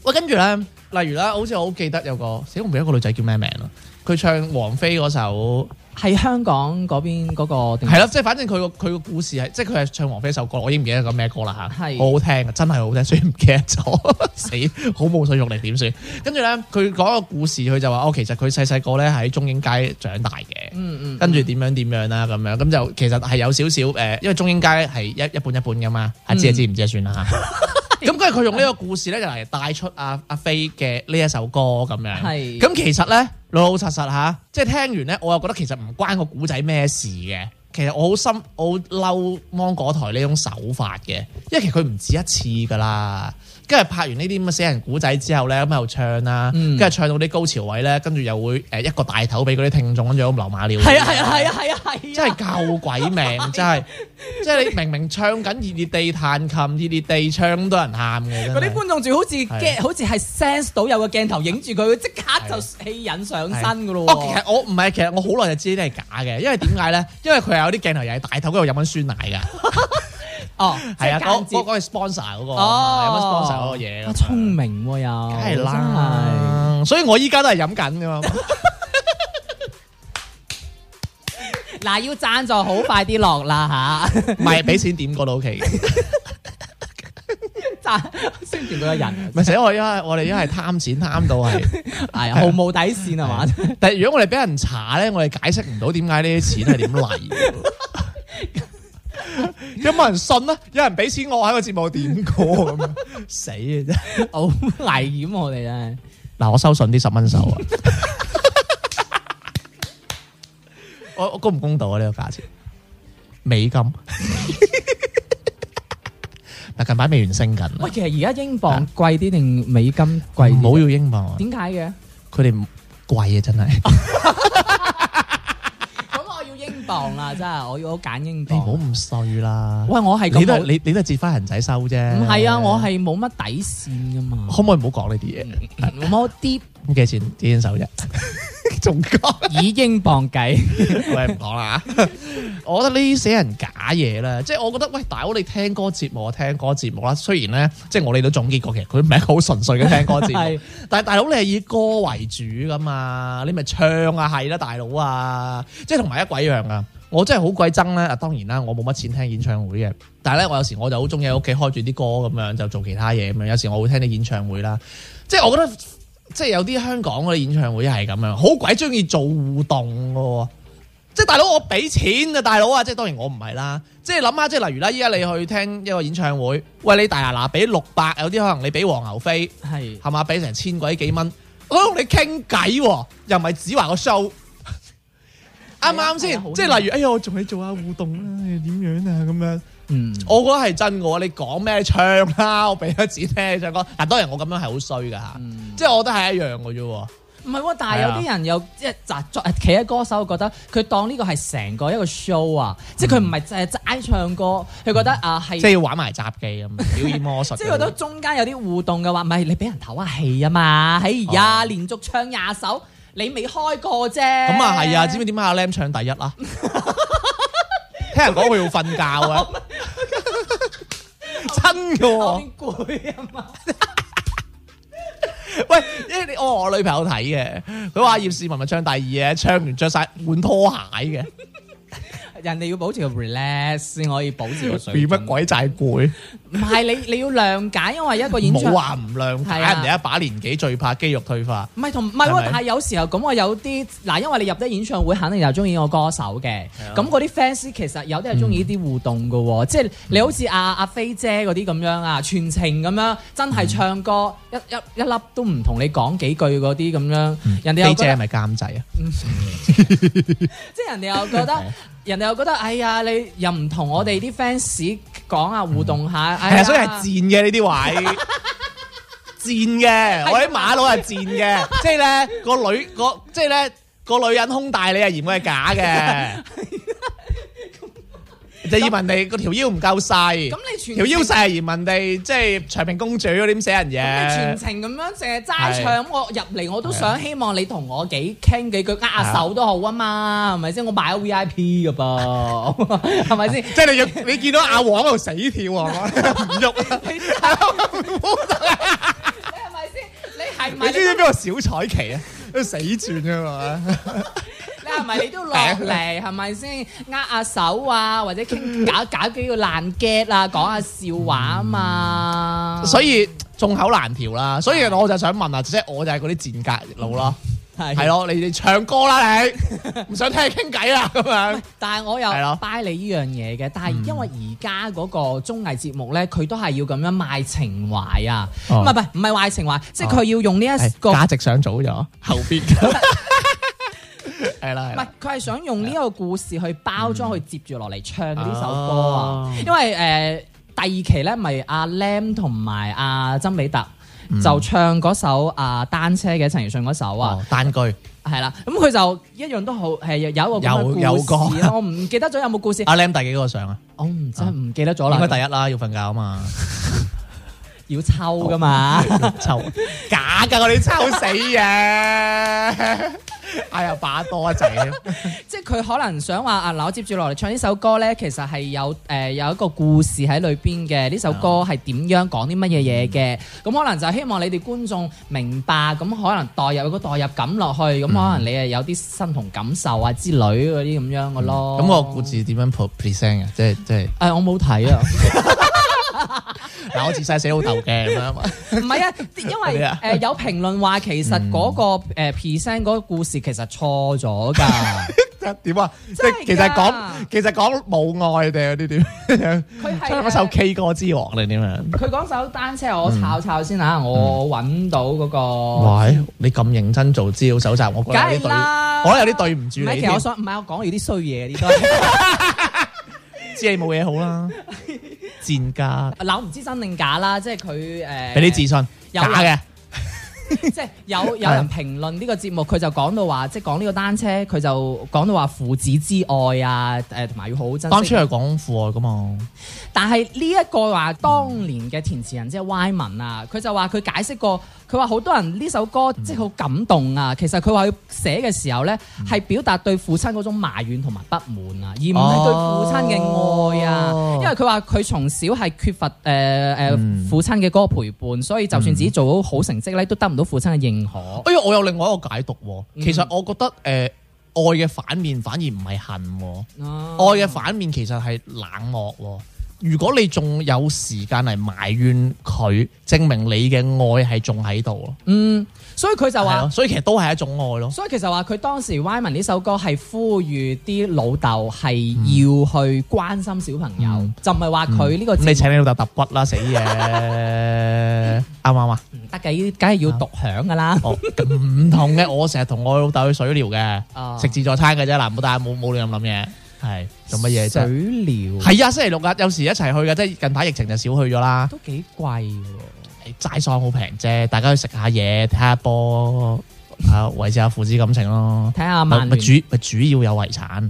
喂， 跟住咧，例如咧，好似我好記得有個，死都唔記得個女仔叫咩名咯？佢唱王菲嗰首。喺香港嗰邊嗰個係咯，即係反正佢個佢個故事係，即係佢係唱王菲首歌，我已經唔記得咗咩歌啦嚇，好好聽，真係好聽，所以唔記得咗，死好冇水用力點算？跟住咧，佢講個故事，佢就話哦，其實佢細細個咧喺中英街長大嘅，嗯嗯，跟住點樣點樣啦咁樣，咁就其實係有少少誒，因為中英街係一一半一半噶嘛，阿姐知唔知啊？算啦嚇，咁跟住佢用呢個故事咧，就嚟帶出阿阿菲嘅呢一首歌咁樣，係咁其實咧。老老實實嚇，即係聽完咧，我又覺得其實唔關個古仔咩事嘅。其實我好心，我好嬲芒果台呢種手法嘅，因為其實佢唔止一次噶啦。跟住拍完呢啲咁嘅死人古仔之後咧，咁又唱啦，跟住唱到啲高潮位咧，跟住又會誒一個大頭俾嗰啲聽眾，跟住咁流馬尿。係啊係啊係啊係啊！啊，真係救鬼命，真係！即係你明明唱緊熱烈地彈琴，熱烈地唱，咁多人喊嘅，嗰啲觀眾仲好似好似係 sense 到有個鏡頭影住佢，即刻就氣引上身嘅咯。其實我唔係，其實我好耐就知呢啲係假嘅，因為點解咧？因為佢有啲鏡頭又係大頭喺度飲緊酸奶㗎。哦，係啊，我我係 sponsor 嗰個，有乜 sponsor 嗰個嘢？聰明又，梗係啦，所以我依家都係飲緊噶嘛。嗱，要贊助好快啲落啦吓，唔係俾錢點過到屋企？贊助到個人，唔係死我一，我哋一係貪錢貪到係係毫無底線係嘛？但係如果我哋俾人查咧，我哋解釋唔到點解呢啲錢係點嚟嘅。有冇人信啊？有人俾錢我喺個節目點歌咁樣？死啊！真係好危險我哋啊！嗱，我收信啲十蚊收啊！我公唔公道啊？呢個價錢美金？嗱，近排美元升緊。喂，其實而家英鎊貴啲定美金貴？唔好要英鎊。點解嘅？佢哋唔貴啊！真係。我不不啦，真係我要好揀英鎊，你唔好咁衰啦。喂，我係你都你你都係接翻銀仔收啫。唔係啊，我係冇乜底線噶嘛。可唔可以唔好講呢啲嘢？冇好啲，幾錢，幾錢收啫。仲 講說以英鎊計，我哋唔講啦我覺得呢啲死人假嘢咧，即係我覺得，喂，大佬你聽歌節目啊，聽歌節目啦。雖然咧，即係我哋都總結過，其實佢唔係好純粹嘅聽歌節目。 但係大佬你係以歌為主噶嘛，你咪唱啊係啦、啊，大佬啊，即係同埋一鬼樣啊！我真係好鬼憎咧。嗱，當然啦，我冇乜錢聽演唱會嘅，但係咧，我有時我就好中意喺屋企開住啲歌咁樣就做其他嘢咁樣。有時我會聽啲演唱會啦，即係我覺得，即係有啲香港嘅演唱會係咁樣，好鬼中意做互動喎。即係大佬，我俾錢啊，大佬啊！即係當然我唔係啦。即係諗下，即係例如啦，依家你去聽一個演唱會，喂你大拿拿，俾六百，有啲可能你俾黃牛飛，係係嘛，俾成千鬼幾蚊。我同你傾偈、啊，又唔係只話個數，啱唔啱先？啊、即係、啊、例如，哎呀，我仲可以做下互動啦，點樣啊咁樣？嗯，我覺得係真嘅。我你講咩唱啦，我俾錢聽唱歌。但係當然我咁樣係好衰嘅吓，即係我都係一樣嘅啫。唔係喎，但係有啲人又即係作，誒，其實歌手覺得佢當呢個係成個一個 show 啊，即係佢唔係淨係齋唱歌，佢覺得啊，係即係要玩埋雜技啊，表演魔術。即係覺得中間有啲互動嘅話，唔係你俾人唞下氣啊嘛，喺而家連續唱廿首，你未開過啫。咁啊係啊，哦嗯嗯嗯、知唔知點解阿 Lam 唱第一啊？ 你聽人講佢要瞓覺啊！真係好攰啊嘛～ 喂，因為我我女朋友睇嘅，佢話葉士文咪唱第二嘢，唱完着晒換拖鞋嘅。 人哋要保持個 relax 先可以保持個水平，變乜鬼仔攰。唔係你你要諒解，因為一個演唱冇話唔量解。人哋一把年紀最怕肌肉退化。唔係同唔係但係有時候咁啊，有啲嗱，因為你入咗演唱會，肯定就中意個歌手嘅。咁嗰啲 fans 其實有啲係中意啲互動嘅喎，即係你好似阿阿飛姐嗰啲咁樣啊，全程咁樣真係唱歌一一一粒都唔同你講幾句嗰啲咁樣。人哋又飛姐係咪監製啊？即係人哋又覺得。人哋又覺得，哎呀，你又唔同我哋啲 fans 講啊，互動下，係啊、嗯，哎、呀所以係賤嘅呢啲位， 賤嘅，我喺馬佬係賤嘅，即係咧個女，個即係咧個女人胸大，你係嫌佢係假嘅。 就移民地個條腰唔夠細，咁你條腰細，移民地即係長平公主點寫人嘢？你全程咁、就是、樣淨係齋唱，是我入嚟我都想希望你同我幾傾幾句握手都好啊嘛，係咪先？我買咗 V I P 㗎噃，係咪先？即係你你見到阿王喺度死跳喎，唔喐啊？ 你係咪先？你係咪？你， 你知知邊個小彩旗啊？死轉啊嘛！係咪你都落嚟係咪先握下手啊，或者傾搞搞幾個爛 get 啊，講下笑話啊嘛。所以眾口難調啦，所以我就想問啊，即係我就係嗰啲賤格佬咯，係係咯，你哋唱歌啦，你唔想聽傾偈啊咁樣。但係我又拜你呢樣嘢嘅，但係因為而家嗰個綜藝節目咧，佢都係要咁樣賣情懷啊，唔係唔係唔係賣情懷，即係佢要用呢一個價值上早咗後邊。係啦，唔係佢係想用呢個故事去包裝，去接住落嚟唱呢首歌啊。因為誒第二期咧，咪阿 Lam 同埋阿曾美達就唱嗰首啊單車嘅陳奕迅嗰首啊，單句係啦。咁佢就一樣都好係有一個有有歌，我唔記得咗有冇故事。阿 Lam 第幾個上啊？我唔真係唔記得咗啦，應該第一啦，要瞓覺啊嘛，要抽噶嘛，抽假噶我哋抽死啊！哎呀，把多仔 即係佢可能想話，阿、啊、柳接住落嚟唱呢首歌咧，其實係有誒、呃、有一個故事喺裏邊嘅。呢首歌係點樣講啲乜嘢嘢嘅？咁、嗯、可能就希望你哋觀眾明白，咁可能代入個代入感落去，咁、嗯、可能你誒有啲身同感受啊之類嗰啲咁樣嘅咯。咁、嗯、我故事點樣 p 即係即係誒，我冇睇啊。 嗱， 我自細死老豆嘅咁樣嘛，唔係 啊，因為誒、呃、有評論話其實嗰個誒 percent 嗰個故事其實錯咗噶，即點 啊？即係的其實講其實講冇愛定啲點？佢係是一首 K 歌之王定點樣？佢講首單車，我抄抄先吓，嗯、我揾到嗰、那個。喂，你咁認真做資料搜集，我梗係啦，我覺得有啲對唔住你。其實我想，唔係我講，有啲衰嘢，啲都。知你冇嘢好啦， 賤格諗唔知真定假啦，即係佢誒俾啲自信假嘅，即係有有人評論呢個節目，佢就講到話， 即係講呢個單車，佢就講到話父子之愛啊，誒同埋要好真。當初係講父愛噶嘛，但係呢一個話當年嘅填詞人、嗯、即係歪文啊，佢就話佢解釋過。佢話好多人呢首歌即係好感動啊！嗯、其實佢話佢寫嘅時候呢，係、嗯、表達對父親嗰種埋怨同埋不滿啊，而唔係對父親嘅愛啊。哦、因為佢話佢從小係缺乏誒誒、呃嗯、父親嘅嗰個陪伴，所以就算自己做到好成績呢，都得唔到父親嘅認可。哎呀，我有另外一個解讀喎。其實我覺得誒、呃、愛嘅反面反而唔係恨喎，哦、愛嘅反面其實係冷漠喎。如果你仲有時間嚟埋怨佢，證明你嘅愛係仲喺度咯。嗯，所以佢就話、哦，所以其實都係一種愛咯。所以其實話佢當時《Wyman》呢首歌係呼籲啲老豆係要去關心小朋友，嗯、就唔係話佢呢個、嗯。嗯、你請你老豆揼骨啦，死嘢！啱唔啱啊？得嘅，梗係要讀響噶啦。唔、 哦哦、同嘅，我成日同我老豆去水療嘅，食自助餐嘅啫，嗱、啊，冇帶冇冇亂咁諗嘢。係做乜嘢？啫係啊，星期六啊，有時一齊去嘅，即係近排疫情就少去咗啦。都幾貴喎！齋喪好平啫，大家去食下嘢，睇下波，啊，維持下父子感情咯。睇下萬咪主咪主要有遺產。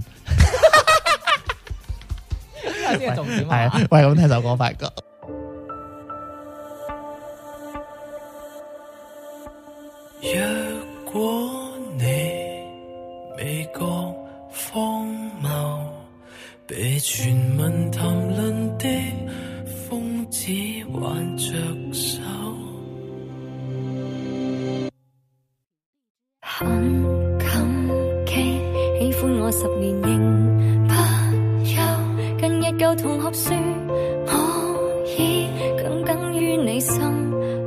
呢個重點係啊，喂，咁聽首歌快歌。如果你未覺。荒謬，被全民談論的瘋子挽着手。很感激，喜歡我十年仍不休好。近日舊同學說，我已耿耿於你心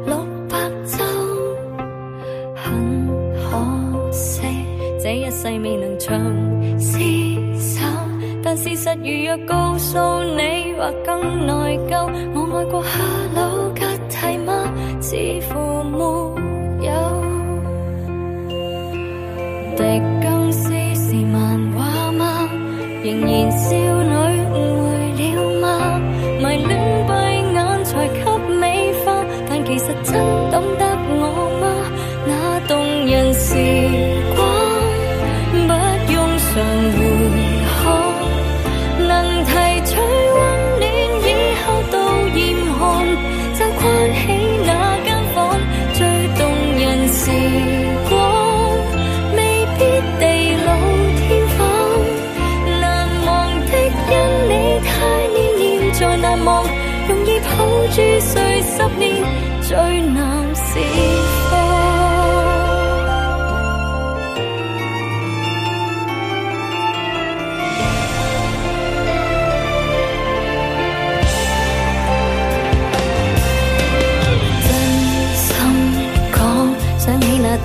六百周。很可惜，這一世未能唱。事實如若告訴你，或更內疚。我愛過哈囉吉蒂嗎？似乎沒有。狄更斯是漫畫嗎？仍然笑。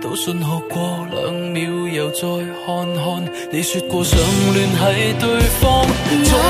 都信號過兩秒，又再看看你，說過想聯繫對方。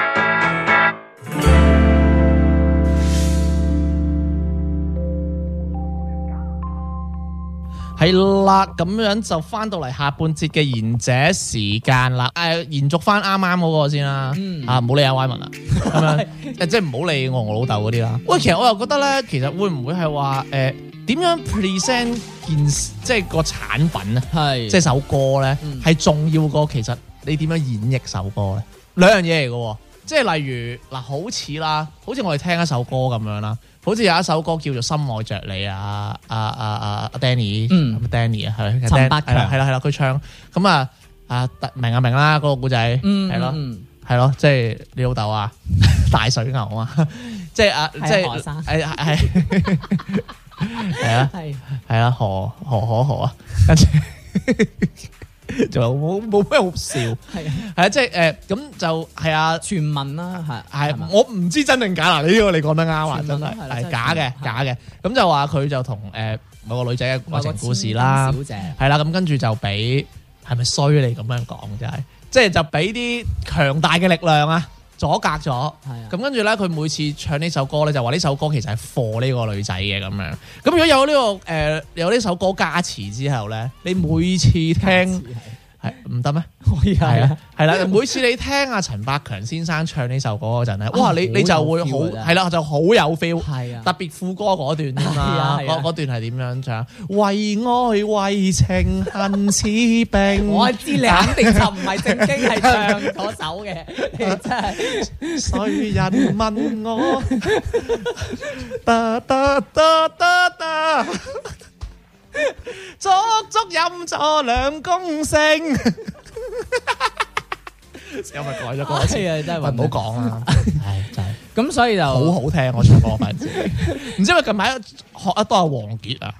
係啦，咁樣就翻到嚟下半節嘅賢者時間啦。誒、啊，延續翻啱啱嗰個先啦。嗯、啊，唔好理阿 Y 文啦，咁樣 即係唔好理我我老豆嗰啲啦。喂，其實我又覺得咧，其實會唔會係話誒，點、呃、樣 present 件即係個產品啊？係是即係首歌咧，係、嗯、重要過其實你點樣演繹首歌咧？兩樣嘢嚟嘅。即係例如嗱，好似啦，好似我哋聽一首歌咁樣啦，好似有一首歌叫做《深愛着你》啊，啊啊啊 Danny，嗯，Danny 啊，係、嗯、陳百強，係啦係啦，佢唱咁啊、嗯嗯、啊，明啊明啦，嗰、嗰個故仔，嗯，係咯，係咯，即係你老豆啊，大水牛啊，即係啊，即係係係係啊，係啊，啊，啊，啊，何何可可啊，跟住。 就冇冇咩好笑，係啊，係啊，即係誒，咁就係啊，傳聞啦，係係，我唔知真定假啦，你呢個你講得啱啊，真係係假嘅，假嘅，咁就話佢就同誒某個女仔嘅愛情故事啦，小姐，係啦，咁跟住就俾係咪衰你咁樣講，就係，即係就俾啲強大嘅力量啊！阻隔咗，咁跟住咧，佢每次唱呢首歌咧，就話呢首歌其實係 for 呢個女仔嘅咁樣。咁如果有呢、這個誒、呃、有呢首歌加持之後咧，你每次聽。係唔得咩？可以係啦，係 啦樂，每次你聽阿陳百強先生唱呢首歌嗰陣咧，哇！你你就會好係啦，就好有 feel，特別副歌嗰段啊嘛，嗰段係點樣唱？為愛為情恨似病， 我知你肯定就唔係正經係唱嗰首嘅，啊、 你真係。誰 人問我？得得得得！噠。足足飲咗兩公升 、哎，又咪改咗歌詞？真係唔好講啦，係真係咁，所以就好好聽我唱歌。唔知係咪近排學得多阿王傑啊？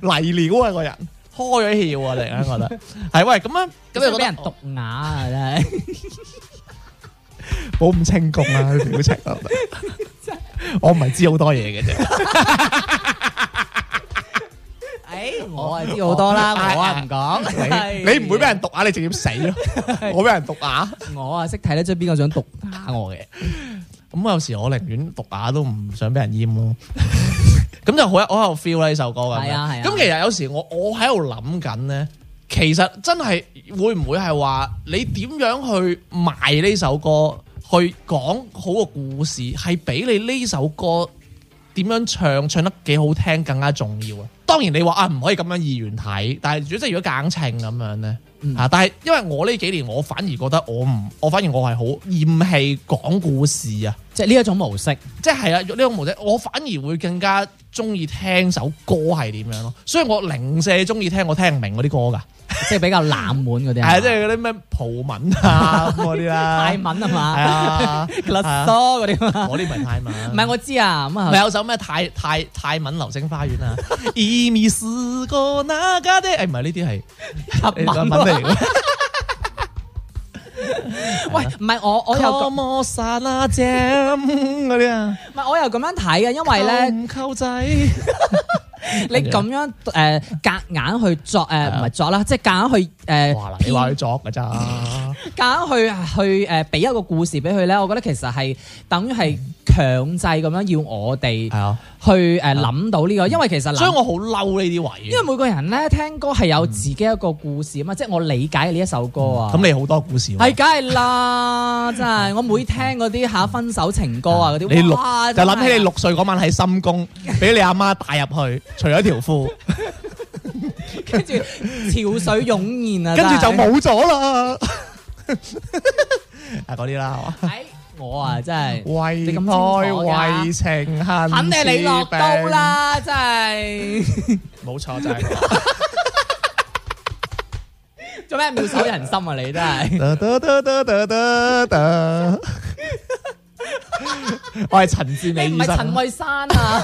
嚟年 啊，個人開咗竅啊，突然間覺得係？ 喂，咁樣咁俾人毒啞啊，真係冇咁清功啊，啲表情，我唔係知好多嘢嘅啫。 誒，我係知好多啦，我啊唔講，你你唔會俾人毒啞？你直接死咯 呀！我俾人毒啞？我啊識睇咧，即係邊個想毒啞我嘅？咁有時我寧願毒啞都唔想俾人閹咯。咁 就好，我喺度 feel 呢首歌。係啊係啊。咁其實有時我我喺度諗緊咧，其實真係會唔會係話你點樣去賣呢首歌，去講好個故事，係比你呢首歌點樣唱唱得幾好聽更加重要啊？當然你話啊唔可以咁樣二元睇，但係主要即係如果夾硬稱咁樣咧嚇、嗯啊，但係因為我呢幾年我反而覺得我唔，我反而我係好厭棄講故事啊。即係呢一種模式，即係係啊呢種模式，我反而會更加中意聽首歌係點樣咯。所以我零舍中意聽我聽唔明嗰啲歌噶，即係比較冷門嗰啲啊，即係嗰啲咩葡文啊嗰啲啦，泰文啊嘛？係啊，拉多嗰啲嘛，嗰啲唔係泰文。唔係我知啊，唔係咪有首咩泰泰泰文流星花園啊，二咪是個哪家啲，誒唔係呢啲係閩南文。 喂，唔係我我又咁嗰啲啊，唔係 我又咁樣睇啊！因為咧唔溝仔， 你咁樣誒夾、呃、硬去作誒唔係作啦、呃，即係夾硬去誒去、呃、哇騙作噶咋，夾硬去去誒俾、呃、一個故事俾佢咧，我覺得其實係等於係強制咁樣要我哋係啊。嗯嗯去誒諗到呢個，因為其實，所以我好嬲呢啲位。因為每個人咧聽歌係有自己一個故事啊嘛，即係我理解呢一首歌啊。咁你好多故事。係，梗係啦，真係我每聽嗰啲嚇分手情歌啊，嗰啲哇，就諗起你六歲嗰晚喺深宮，俾你阿媽帶入去，除咗條褲，跟住潮水湧現啊，跟住就冇咗啦，係嗰啲啦，係咪？我啊，真係為愛麼麼為情恨，肯定你落刀啦是！ 真係冇錯，真係做咩妙手仁心啊！你真係， 我係陳志美醫生，你唔係陳慧珊啊？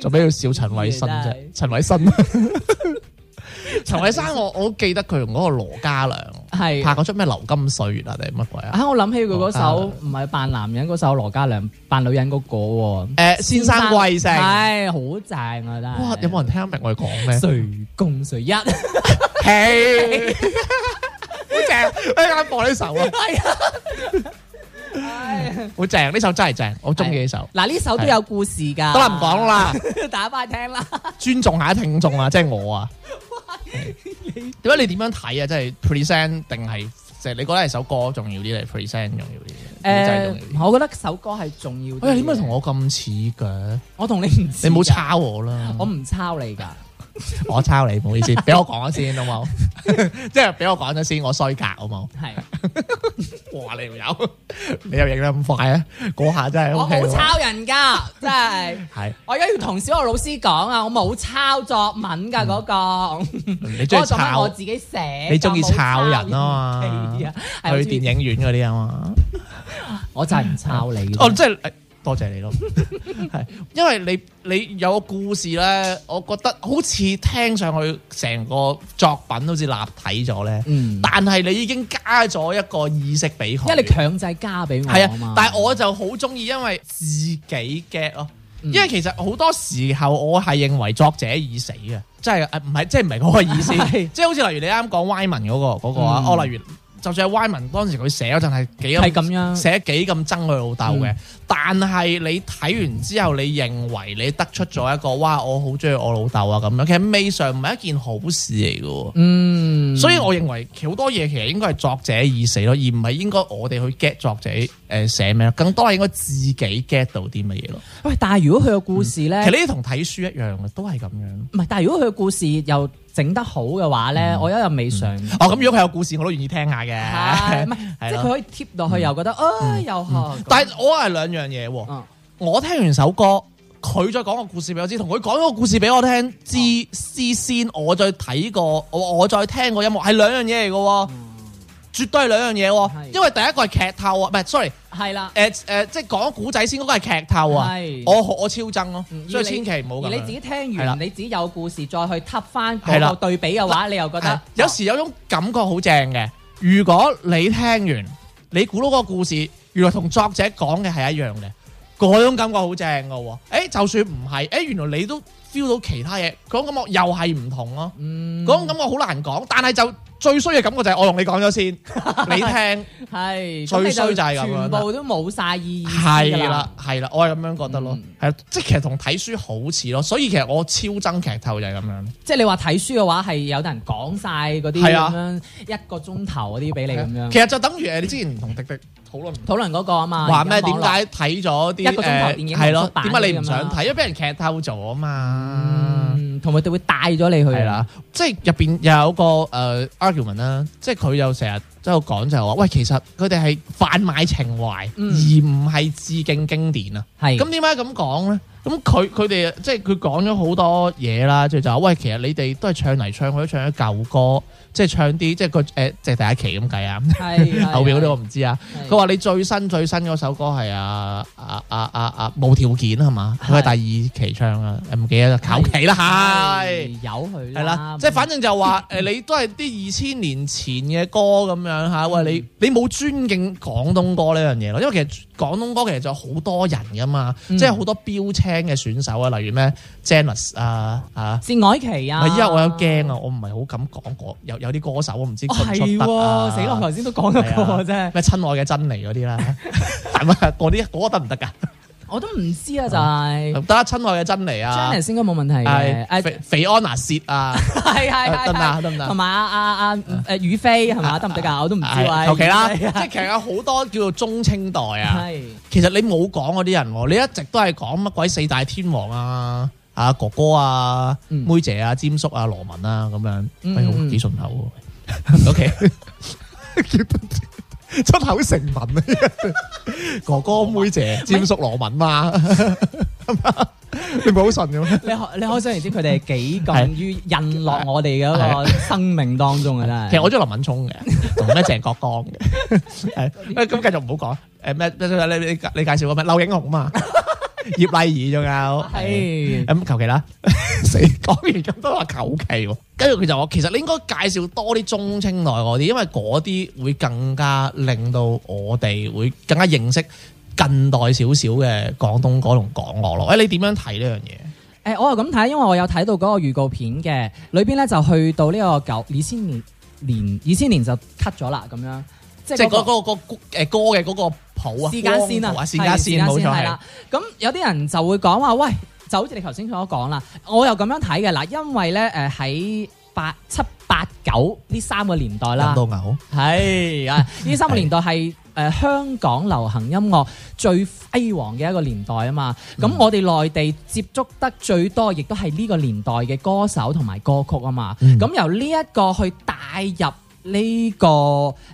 做咩 要笑陳慧生啫？陳慧生，陳慧珊，我我記得佢同嗰個羅嘉良。係拍嗰出咩《流金歲月》啊定係乜鬼啊？啊，我諗起佢嗰首唔係扮男人嗰首羅嘉良扮女人嗰個誒，先生貴姓？唉，好正啊，覺得。哇！有冇人聽得明我哋講咩？誰共誰一嘿！好正，我哋播呢首啊，係好正呢首真係正，我中意呢首。嗱，呢首都有故事噶，好啦，唔講啦，打翻聽啦，尊重下聽眾啊，即係我啊。點解 你點樣睇啊？即係 present 定係即係你覺得係首歌重要啲定 present 重要啲？誒、呃，我覺得首歌係重要啲。哎、你點解同我咁似嘅？我同你唔，你冇抄我啦！我唔抄你噶。我抄你，唔好意思，俾我講咗先好冇？即係俾我講咗先，我衰格好冇？係的，哇你又，你又影得咁快咧？嗰下真係我好抄人噶，真係係，的我而家要同小學老師講啊，我冇抄作文噶嗰、嗯嗰個，你中意抄，我自己寫，你中意抄人啊嘛？啊啊去電影院嗰啲啊嘛？我，我就唔抄你，哦即係。多謝，謝你咯，係， 因為你你有個故事咧，我覺得好似聽上去成個作品好似立體咗咧，嗯，但係你已經加咗一個意識俾佢，因為你強制加俾我啊，但係我就好中意，因為自己嘅，咯、嗯，因為其實好多時候我係認為作者已死嘅，即係唔係，即係唔係嗰個意思，即係 好似例如你啱講歪文嗰、嗰個、嗰個啊，嗯、我例如。就算係 Wyman，當時佢寫嗰陣係幾咁，樣寫幾咁憎佢老豆嘅。嗯、但係你睇完之後，你認為你得出咗一個哇，我好中意我老豆啊咁樣。其實未嘗唔係一件好事嚟㗎喎。嗯。所以，我認為好多嘢其實應該係作者已死咯，而唔係應該我哋去 get 作者誒寫咩，更多係應該自己 get 到啲乜嘢咯。喂，但係如果佢嘅故事咧、嗯，其實呢啲同睇書一樣嘅，都係咁樣。唔係，但係如果佢嘅故事又整得好嘅話咧，嗯、我依家又未上、嗯。哦，咁如果佢有故事，我都願意聽下嘅。係、啊， 了即係佢可以貼落去，又覺得啊、嗯哎，又嚇。嗯嗯嗯、但係我係兩樣嘢喎。嗯、我聽完首歌。佢再講個故事俾我知，同佢講個故事俾我聽知之、啊、先我，我再睇過我我再聽個音樂，係兩樣嘢嚟嘅，嗯、絕對係兩樣嘢。是的 因為第一個係劇透啊，唔係 sorry，係啦是的、欸，誒、呃、誒，即係講古仔先嗰個係劇透啊是的，我我超憎咯，所以千祈唔好。而你自己聽完，是的 你自己有故事再去揷翻嗰個對比嘅話，是的 你又覺得有時有種感覺好正嘅。如果你聽完你估到嗰個故事，原來同作者講嘅係一樣嘅。嗰種感覺好正噶喎！就算唔係，誒、欸，原來你都 feel 到其他嘢，嗰種感覺又係唔同咯。嗰、嗯、種感覺好難講，但係就最衰嘅感覺就係、是、我同你講咗先，哈哈你聽。係是最衰就係咁，全部都冇晒意義。係啦，係啦，我係咁樣覺得咯。係啊、嗯，即係其實同睇書好似咯，所以其實我超憎劇透就係咁樣。即係你話睇書嘅話，係有啲人講晒嗰啲咁樣一個鐘頭嗰啲俾你咁樣。其實就等於，誒，你之前唔同滴滴。討論討論嗰個啊嘛，話咩點解睇咗啲一個鐘頭電影好復版，點解你唔想睇，因為俾人劇透咗啊嘛。同佢哋會帶咗你去。係啦，即係入邊又有個誒 argument 啦，呃、argument，即係佢又成日即係講就話，喂，其實佢哋係販賣情懷，而唔係致敬經典啊。係、嗯。咁點解咁講咧？咁佢佢哋即係佢講咗好多嘢啦，就就話，喂，其實你哋都係唱嚟唱去都唱咗舊歌。即係唱啲，即係佢誒，即係第一期咁計啊！後邊嗰啲我唔知啊。佢話你最新最新嗰首歌係啊啊啊啊啊無條件係嘛？佢係第二期唱啊？唔記得啦，求其啦係，有佢係啦。即係反正就話誒，你都係啲二千年前嘅歌咁樣嚇。喂，你你冇尊敬廣東歌呢樣嘢咯，因為其實廣東歌其實就有好多人噶嘛，即係好多標青嘅選手啊，例如咩 Janus 啊啊，薛凱琪啊。因為我有驚啊，我唔係好敢講嗰嗰啲歌手我唔知，係喎死咯！頭先都講咗個啫，咩親愛嘅珍妮嗰啲啦，係咪嗰啲嗰得唔得噶？我都唔知啊，就係得啊！親愛嘅珍妮啊，Janice 應該冇問題嘅，肥安娜蝕啊，係係得，得唔得？同埋啊啊啊誒雨菲係嘛？得唔得噶？我都唔知啊。求其啦，即係其實有好多叫做中青代啊。係，其實你冇講嗰啲人喎，你一直都係講乜鬼四大天王啊。啊哥哥啊妹姐啊詹叔啊羅文啊咁樣，係好幾順口，O K，出口成文啊，哥哥妹姐詹叔羅文嘛，你唔係好順嘅咩？你可你可真係知佢哋係幾近於印落我哋嘅一個生命當中啊！真係，其實我中意林敏聰嘅，同埋鄭國江嘅。誒，咁繼續唔好講。誒咩咩？你你你介紹個咩？劉英雄啊嘛。葉麗儀仲有，係咁求其啦。講、嗯、 完咁多話求其，跟住佢就話：其實你應該介紹多啲中青代嗰啲，因為嗰啲會更加令到我哋會更加認識近代少少嘅廣東歌同港樂咯。哎、欸，你點樣睇呢樣嘢？誒、欸，我係咁睇，因為我有睇到嗰個預告片嘅裏邊咧，就去到呢個九二千年，二千年就 cut 咗啦，咁樣。即係嗰嗰個歌嘅嗰個譜啊，時間線啊，時、啊、間線冇錯係啦。咁有啲人就會講話，喂，就好似你頭先所講啦。我又咁樣睇嘅嗱，因為咧誒喺八七八九呢 8, 7, 8, 三個年代啦，八到係啊，呢三個年代係誒香港流行音樂最輝煌嘅一個年代啊嘛。咁的我哋內地接觸得最多，亦都係呢個年代嘅歌手同埋歌曲啊嘛。咁、嗯、由呢一個去帶入。呢、這個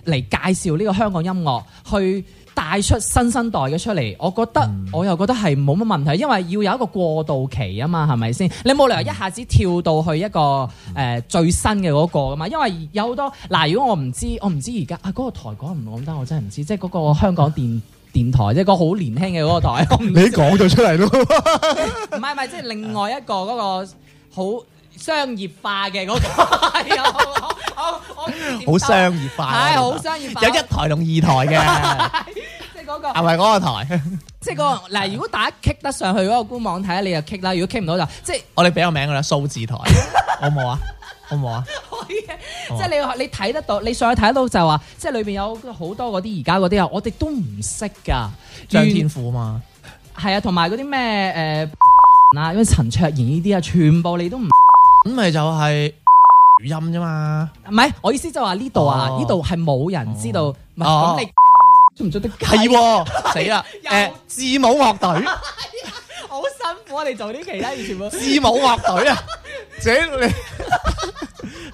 嚟介紹呢個香港音樂，去帶出新生代嘅出嚟，我覺得、嗯、我又覺得係冇乜問題，因為要有一個過渡期啊嘛，係咪先？你冇理由一下子跳到去一個誒、呃、最新嘅嗰、那個噶嘛，因為有好多嗱，如果我唔知，我唔知而家啊嗰、那個台講唔講得，我真係唔知，即係嗰個香港電電台即係、那個好年輕嘅嗰個台， 你講 就出嚟咯，唔係唔係，即係另外一個嗰、那個好。商業化嘅嗰個係啊！好，好商業化，係好商業化，有一台同二台嘅，即係嗰個係咪嗰個台？即係嗰個嗱。如果大家 kick 得上去嗰個官網睇下，你就 kick 啦。如果 k 唔到就即係我哋俾個名㗎啦。數字台好冇啊？好冇啊？可以嘅。即係你你睇得到，你上去睇得到就話，即係裏邊有好多嗰啲而家嗰啲啊，我哋都唔識噶。張天賦啊嘛係啊，同埋嗰啲咩誒嗱，因為陳卓賢呢啲啊，全部你都唔。咁咪就係、是、語音啫嘛，唔係，我意思就話呢度啊，呢度係冇人知道，咁、哦、你、啊、做唔做得？係，死啦！誒，字母樂隊，好辛苦啊！你做啲其他全部字母樂隊啊，整，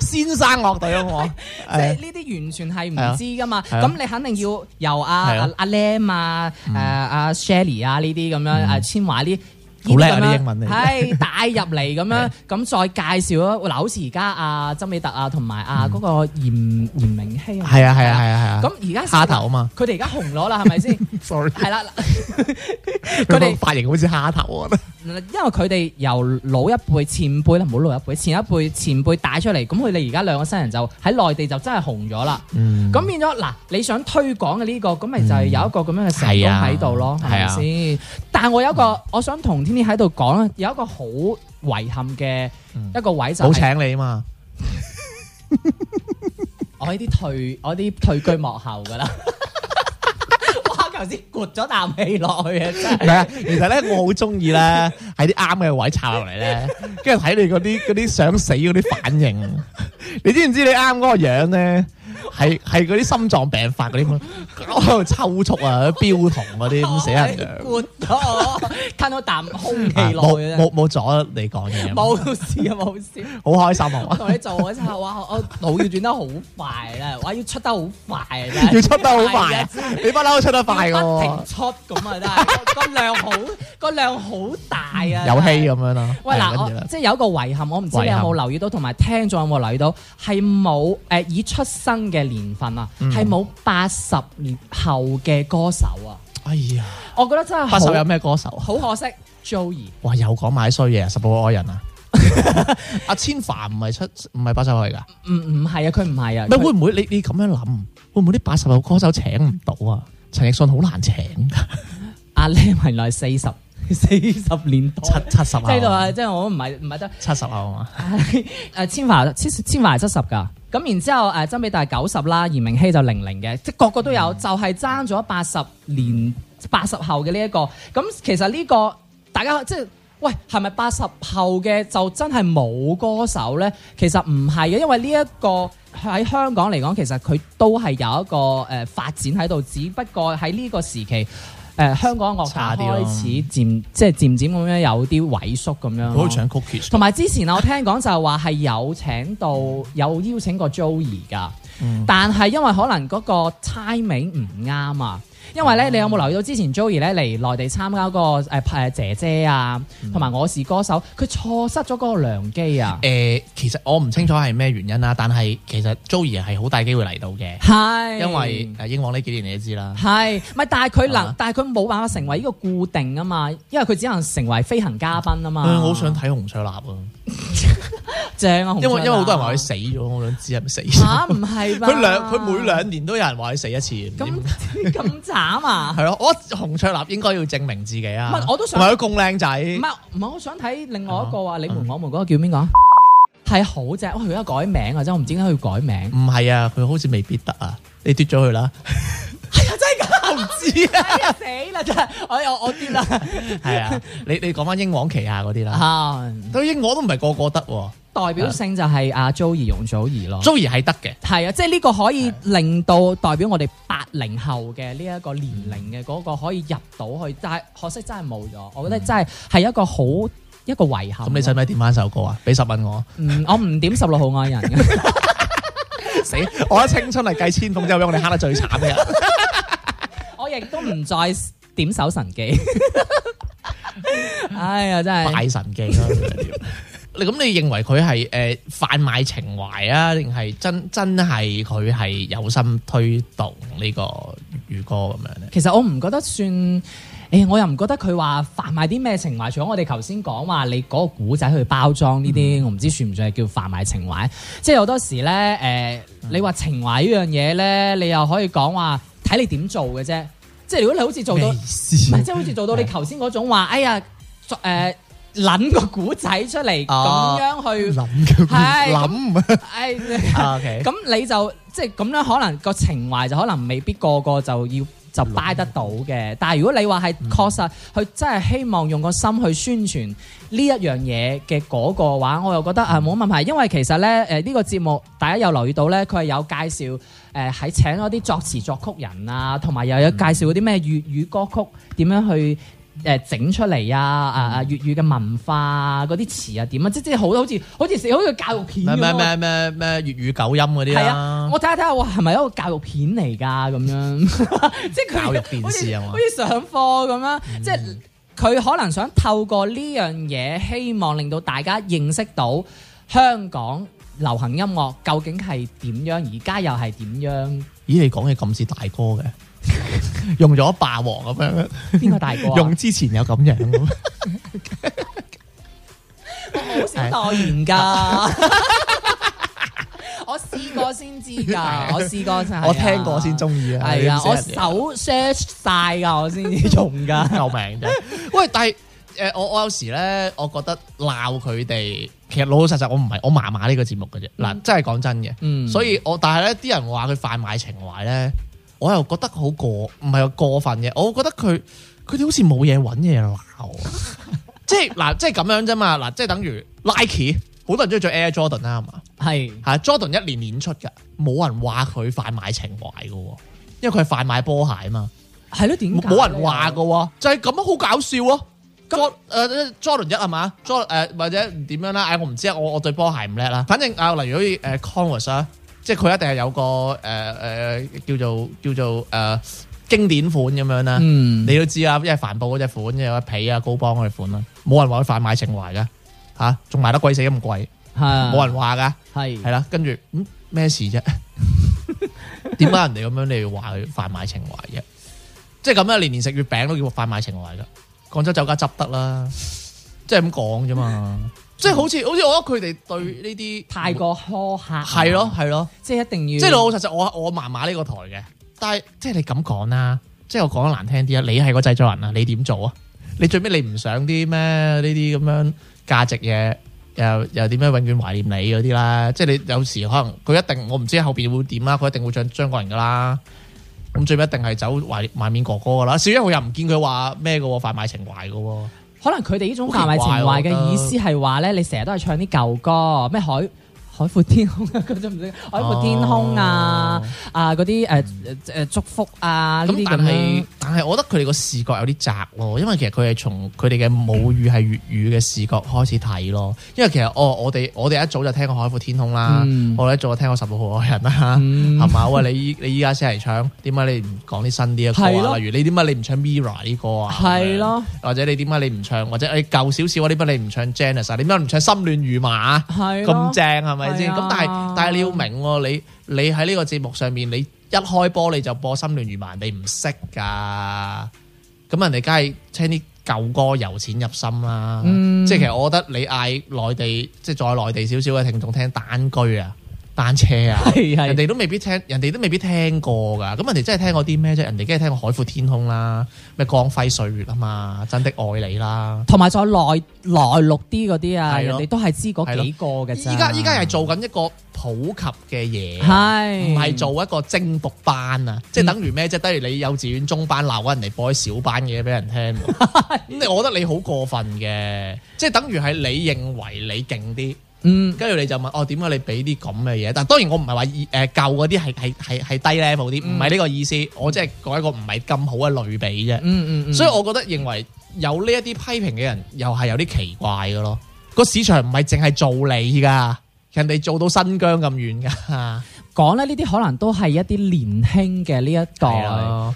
先生樂隊啊，我即係呢啲完全係唔知㗎嘛，咁你肯定要由阿阿 Lam 啊，誒阿 Shelly 啊呢啲咁樣，阿千華呢？啊啊啊好叻啊！英文你係帶入嚟咁樣，咁再介紹咯。嗱，好似而家阿曾美特啊，同埋阿嗰個嚴明熙，係啊，係啊，係啊，係啊。咁而家蝦頭啊嘛，佢哋而家紅咗啦，係咪先？sorry，係啦，佢哋髮型好似蝦頭啊。因為佢哋由老一輩、前輩啦，唔好老一輩，前一輩、前輩帶出嚟，咁佢哋而家兩個新人就喺內地就真係紅咗啦。咁變咗嗱，你想推廣嘅呢個，咁咪就係有一個咁樣嘅成功喺度咯，係咪先？但係我有一個，我想同。你喺度講啦，有一個好遺憾嘅一個位、嗯、就冇請你啊嘛，我啲退我啲退居幕後噶啦， 我頭先豁咗啖氣落去啊，係啊，其實咧我好中意咧喺啲啱嘅位插落嚟咧，跟住睇你嗰啲嗰啲想死嗰啲反應， 你知唔知你啱嗰個樣咧？係係嗰啲心臟病發嗰啲，喺度抽搐啊，啲飆痛嗰啲咁死人，灌咗吞咗啖空氣落，冇冇阻你講嘢，冇 事啊冇事，好 開心啊！ 我同你做嗰陣，哇！我腦要轉得好快啦，哇！要出得好快啊，快 要出得好快，啊， 你不嬲都出得快噶喎， 不停出咁啊！真係、那個量好 個量好、那個、大啊！有氣咁樣咯。喂嗱，對我即係、就是、有一個遺憾，我唔知，憾我知你有冇留意到，同埋聽眾有冇留意到，係冇誒以出生。嘅年份啊，係冇八十年後嘅歌手啊！哎呀，我覺得真係八十有咩歌手？好可惜，Joey，哇，又講埋衰嘢，啊，十八號愛人啊！阿千嬅唔係出唔係八十年噶？唔唔係啊，佢唔係啊。咪會唔會你你咁樣諗？會唔會啲八十年後歌手請唔到啊？陳奕迅好難請。阿靚原來四十四十年多七七十，即係話即係我唔係唔係得七十後啊嘛？阿千嬅千千嬅係七十噶。咁然之後，誒曾比特係九十啦，嚴明熙就零零嘅，即係個個都有，嗯、就係爭咗八十年八十後嘅呢一個。咁其實呢、呢個大家即係，喂係咪八十後嘅就真係冇歌手呢？其實唔係嘅，因為呢、呢、一個喺香港嚟講，其實佢都係有一個誒發展喺度，只不過喺呢個時期。誒、呃、香港樂壇開始漸、啊、即係漸漸咁樣有啲萎縮咁樣，都請 Cookies。同埋之前我聽講就係話係有請到 有邀請過 Joey 噶，嗯、但係因為可能嗰個 timing 唔啱啊。因為咧，你有冇留意到之前 Joey 咧，嚟內地參加嗰個誒誒姐姐啊，同埋我是歌手，佢錯、嗯、失咗嗰個良機啊？誒、呃，其實我唔清楚係咩原因啦，但係其實 Joey 係好大機會嚟到嘅。係，是 因為英皇呢幾年你都知啦。係，唔係但係佢能，吧但係佢冇辦法成為呢個固定啊嘛，因為佢只能成為飛行嘉賓啊嘛。我好、嗯、想睇洪卓立啊！ 正啊，因為因為好多人話佢死咗，我想知係咪死咗，唔係，佢兩佢每兩年都有人話佢死一次，咁咁慘啊！係咯， 我洪卓立應該要證明自己啊！唔係，我都想，佢咁靚仔，唔係唔係，我想睇另外一個話、啊、你門我門嗰個叫邊個啊？係好正，佢而家改名啊！真我唔知點解佢改名，唔係啊，佢好似未必得啊！你奪咗佢啦，係啊真。唔知啊、 哎呀！死啦真係，我我我跌啦。係 啊，你你講翻英皇旗下嗰啲啦。啊、uh,，都英我都唔係個個得，代表性就係阿 Joey、容祖兒咯。Joey 係得嘅，係啊，即係呢個可以令到代表我哋八零後嘅呢一個年齡嘅嗰個可以入到去，但係可惜真係冇咗。我覺得真係係一個好、uh, 一個遺憾。咁你使唔使點翻首歌啊？俾十蚊我。嗯、我唔點十六號愛人。死！我啲青春係計千鳳之後俾我哋蝦得最慘嘅人。 亦都唔再點手神機， 哎呀，真係大神機啦！你咁，你認為佢係誒販賣情懷啊，定係真真係佢係有心推動個呢個粵語歌咁樣咧？其實我唔覺得算，誒、欸，我又唔覺得佢話販賣啲咩情懷。除咗我哋頭先講話，你嗰個古仔去包裝呢啲，嗯、我唔知算唔算係叫販賣情懷。即係好多時咧，誒、呃，你話情懷呢樣嘢咧，你又可以講話睇你點做嘅啫。即係如果你好似做到，即係好似做到你頭先嗰種話，哎呀，誒諗個故仔出嚟咁樣去諗嘅，係諗。係，OK，咁你就即係咁樣，可能個情懷就可能未必個個就要就 buy 得到嘅。但係如果你話係確實佢真係希望用個心去宣傳呢一樣嘢嘅嗰個話，我又覺得啊冇問題，因為其實咧誒呢個節目大家有留意到咧，佢係有介紹。誒喺、呃、請咗啲作詞作曲人啊，同埋又有介紹啲咩粵語歌曲點樣去誒整出嚟啊！嗯、啊啊粵語嘅文化嗰、啊、啲詞啊點啊，即即係好多好似好似好似教育片咁咩咩咩咩粵語九音嗰啲、啊，係啊！我睇下睇下，我係咪一個教育片嚟噶咁樣？ 即係教育電視啊嘛，好似上課咁啦咁樣。即係佢可能想透過呢樣嘢，希望令到大家認識到香港。流行音樂究竟係點樣？而家又係點樣？咦，你講嘢咁似大哥嘅， 用咗霸王咁樣，邊 個大哥、啊、用之前有咁樣， 我冇先代言噶， 我試過先知噶， 我試過, 過就、啊、我聽過先中意啊，係啊 對，我手 search 晒噶，我先用噶，救命！喂，但誒，我我有時咧，我覺得鬧佢哋，其實老老實實我唔係我麻麻呢個節目嘅啫，嗱，真係講真嘅，嗯，所以我但係咧，啲人話佢快買情懷咧，我又覺得好過，唔係話過分嘅，我覺得佢佢哋好似冇嘢揾嘢鬧，即係嗱，即係咁樣啫嘛，嗱，即係等於 Nike，好多人中意着 Air Jordan 啦、啊，係嘛，係吓 Jordan 一年年年出噶，冇人話佢快買情懷噶，因為佢係快買波鞋嘛，係咯，點冇人話噶，就係咁樣，好搞笑啊！Jo 誒，Jordan 一係嘛，Jo 誒或者點樣啦？唉我唔知啊，我我對波鞋唔叻啦。反正啊，例如好似誒 Converse 啊，即係佢一定係有個誒誒叫做叫做誒經典款咁樣啦。嗯，你都知啊，因為帆布嗰隻款，又有皮啊高幫嗰隻款啦，冇人話佢販賣情懷噶吓，仲賣得貴死咁貴，係冇人話噶，係係啦，跟住嗯咩事啫？點解人哋咁樣你要話佢販賣情懷嘅？即係咁樣啊，年年食月餅都叫販賣情懷噶。廣州酒家執得啦。嗯、即係咁講啫嘛，即係好似好似我覺得佢哋對呢啲太過苛刻，係咯係咯，即係一定要，即係老實實，我我麻麻呢個台嘅，但係即係你咁講啦，即係我講得難聽啲啊，你係個製作人啊，你點做啊？你最尾你唔想啲咩呢啲咁樣價值嘢，又又點樣永遠懷念你嗰啲啦？即係你有時可能佢一定我唔知後邊會點啦，佢一定會像張國榮㗎啦。咁最尾一定係走壞賣面哥哥噶啦，小英我又唔見佢話咩噶喎，販賣情懷噶喎，可能佢哋呢種販賣情懷嘅意思係話咧，你成日都係唱啲舊歌咩海海闊天空啊，嗰種唔知海闊天空啊啊嗰啲誒誒祝福啊呢啲咁樣。咁但係但係，我覺得佢哋個視覺有啲窄咯，因為其實佢係從佢哋嘅母語係粵語嘅視覺開始睇咯。因為其實哦，我哋我哋一早就聽過海闊天空啦，我哋一早就聽過十六號愛人啦，係嘛？喂，你你依家先係唱，點解你唔講啲新啲嘅歌啊？例如你點解你唔唱 Mirror 呢歌啊？係咯，或者你點解你唔唱或者你舊少少嗰啲你唔唱 Genesis 點解唔唱心亂如麻？咁正係咪？咁但係、哎、呀但係你要明喎，哦，你你喺呢個節目上面，你一開波你就播《心亂如麻》，你唔識噶，咁人哋梗係聽啲舊歌由淺入深啦，啊。嗯、即係其實我覺得你嗌內地即係再內地少少嘅聽眾聽單居啊。單車啊，人哋都未必聽，人哋都未必聽過噶。咁人哋真係聽過啲咩啫？人哋梗係聽過《海闊天空》啦，咩《光輝歲月》啊嘛，《真的愛你》啦，同埋再內內陸啲嗰啲啊，係人哋都係知嗰幾個嘅。依家依家係做緊一個普及嘅嘢，係唔係做一個精讀班啊？即係係等於咩啫？等於你幼稚園中班鬧啊，人哋播啲小班嘢俾人聽，咁你係我覺得你好過分嘅，即係等於係你認為你勁啲。嗯，跟住你就問哦，點解你俾啲咁嘅嘢？但係當然我唔係話誒舊嗰啲係係係係低 level 啲，唔係呢個意思。嗯、我即係講一個唔係咁好嘅類比啫、嗯。嗯嗯，所以我覺得認為有呢一啲批評嘅人又係有啲奇怪嘅咯。個市場唔係淨係做你㗎，人哋做到新疆咁遠㗎。講咧呢啲可能都係一啲年輕嘅呢一代，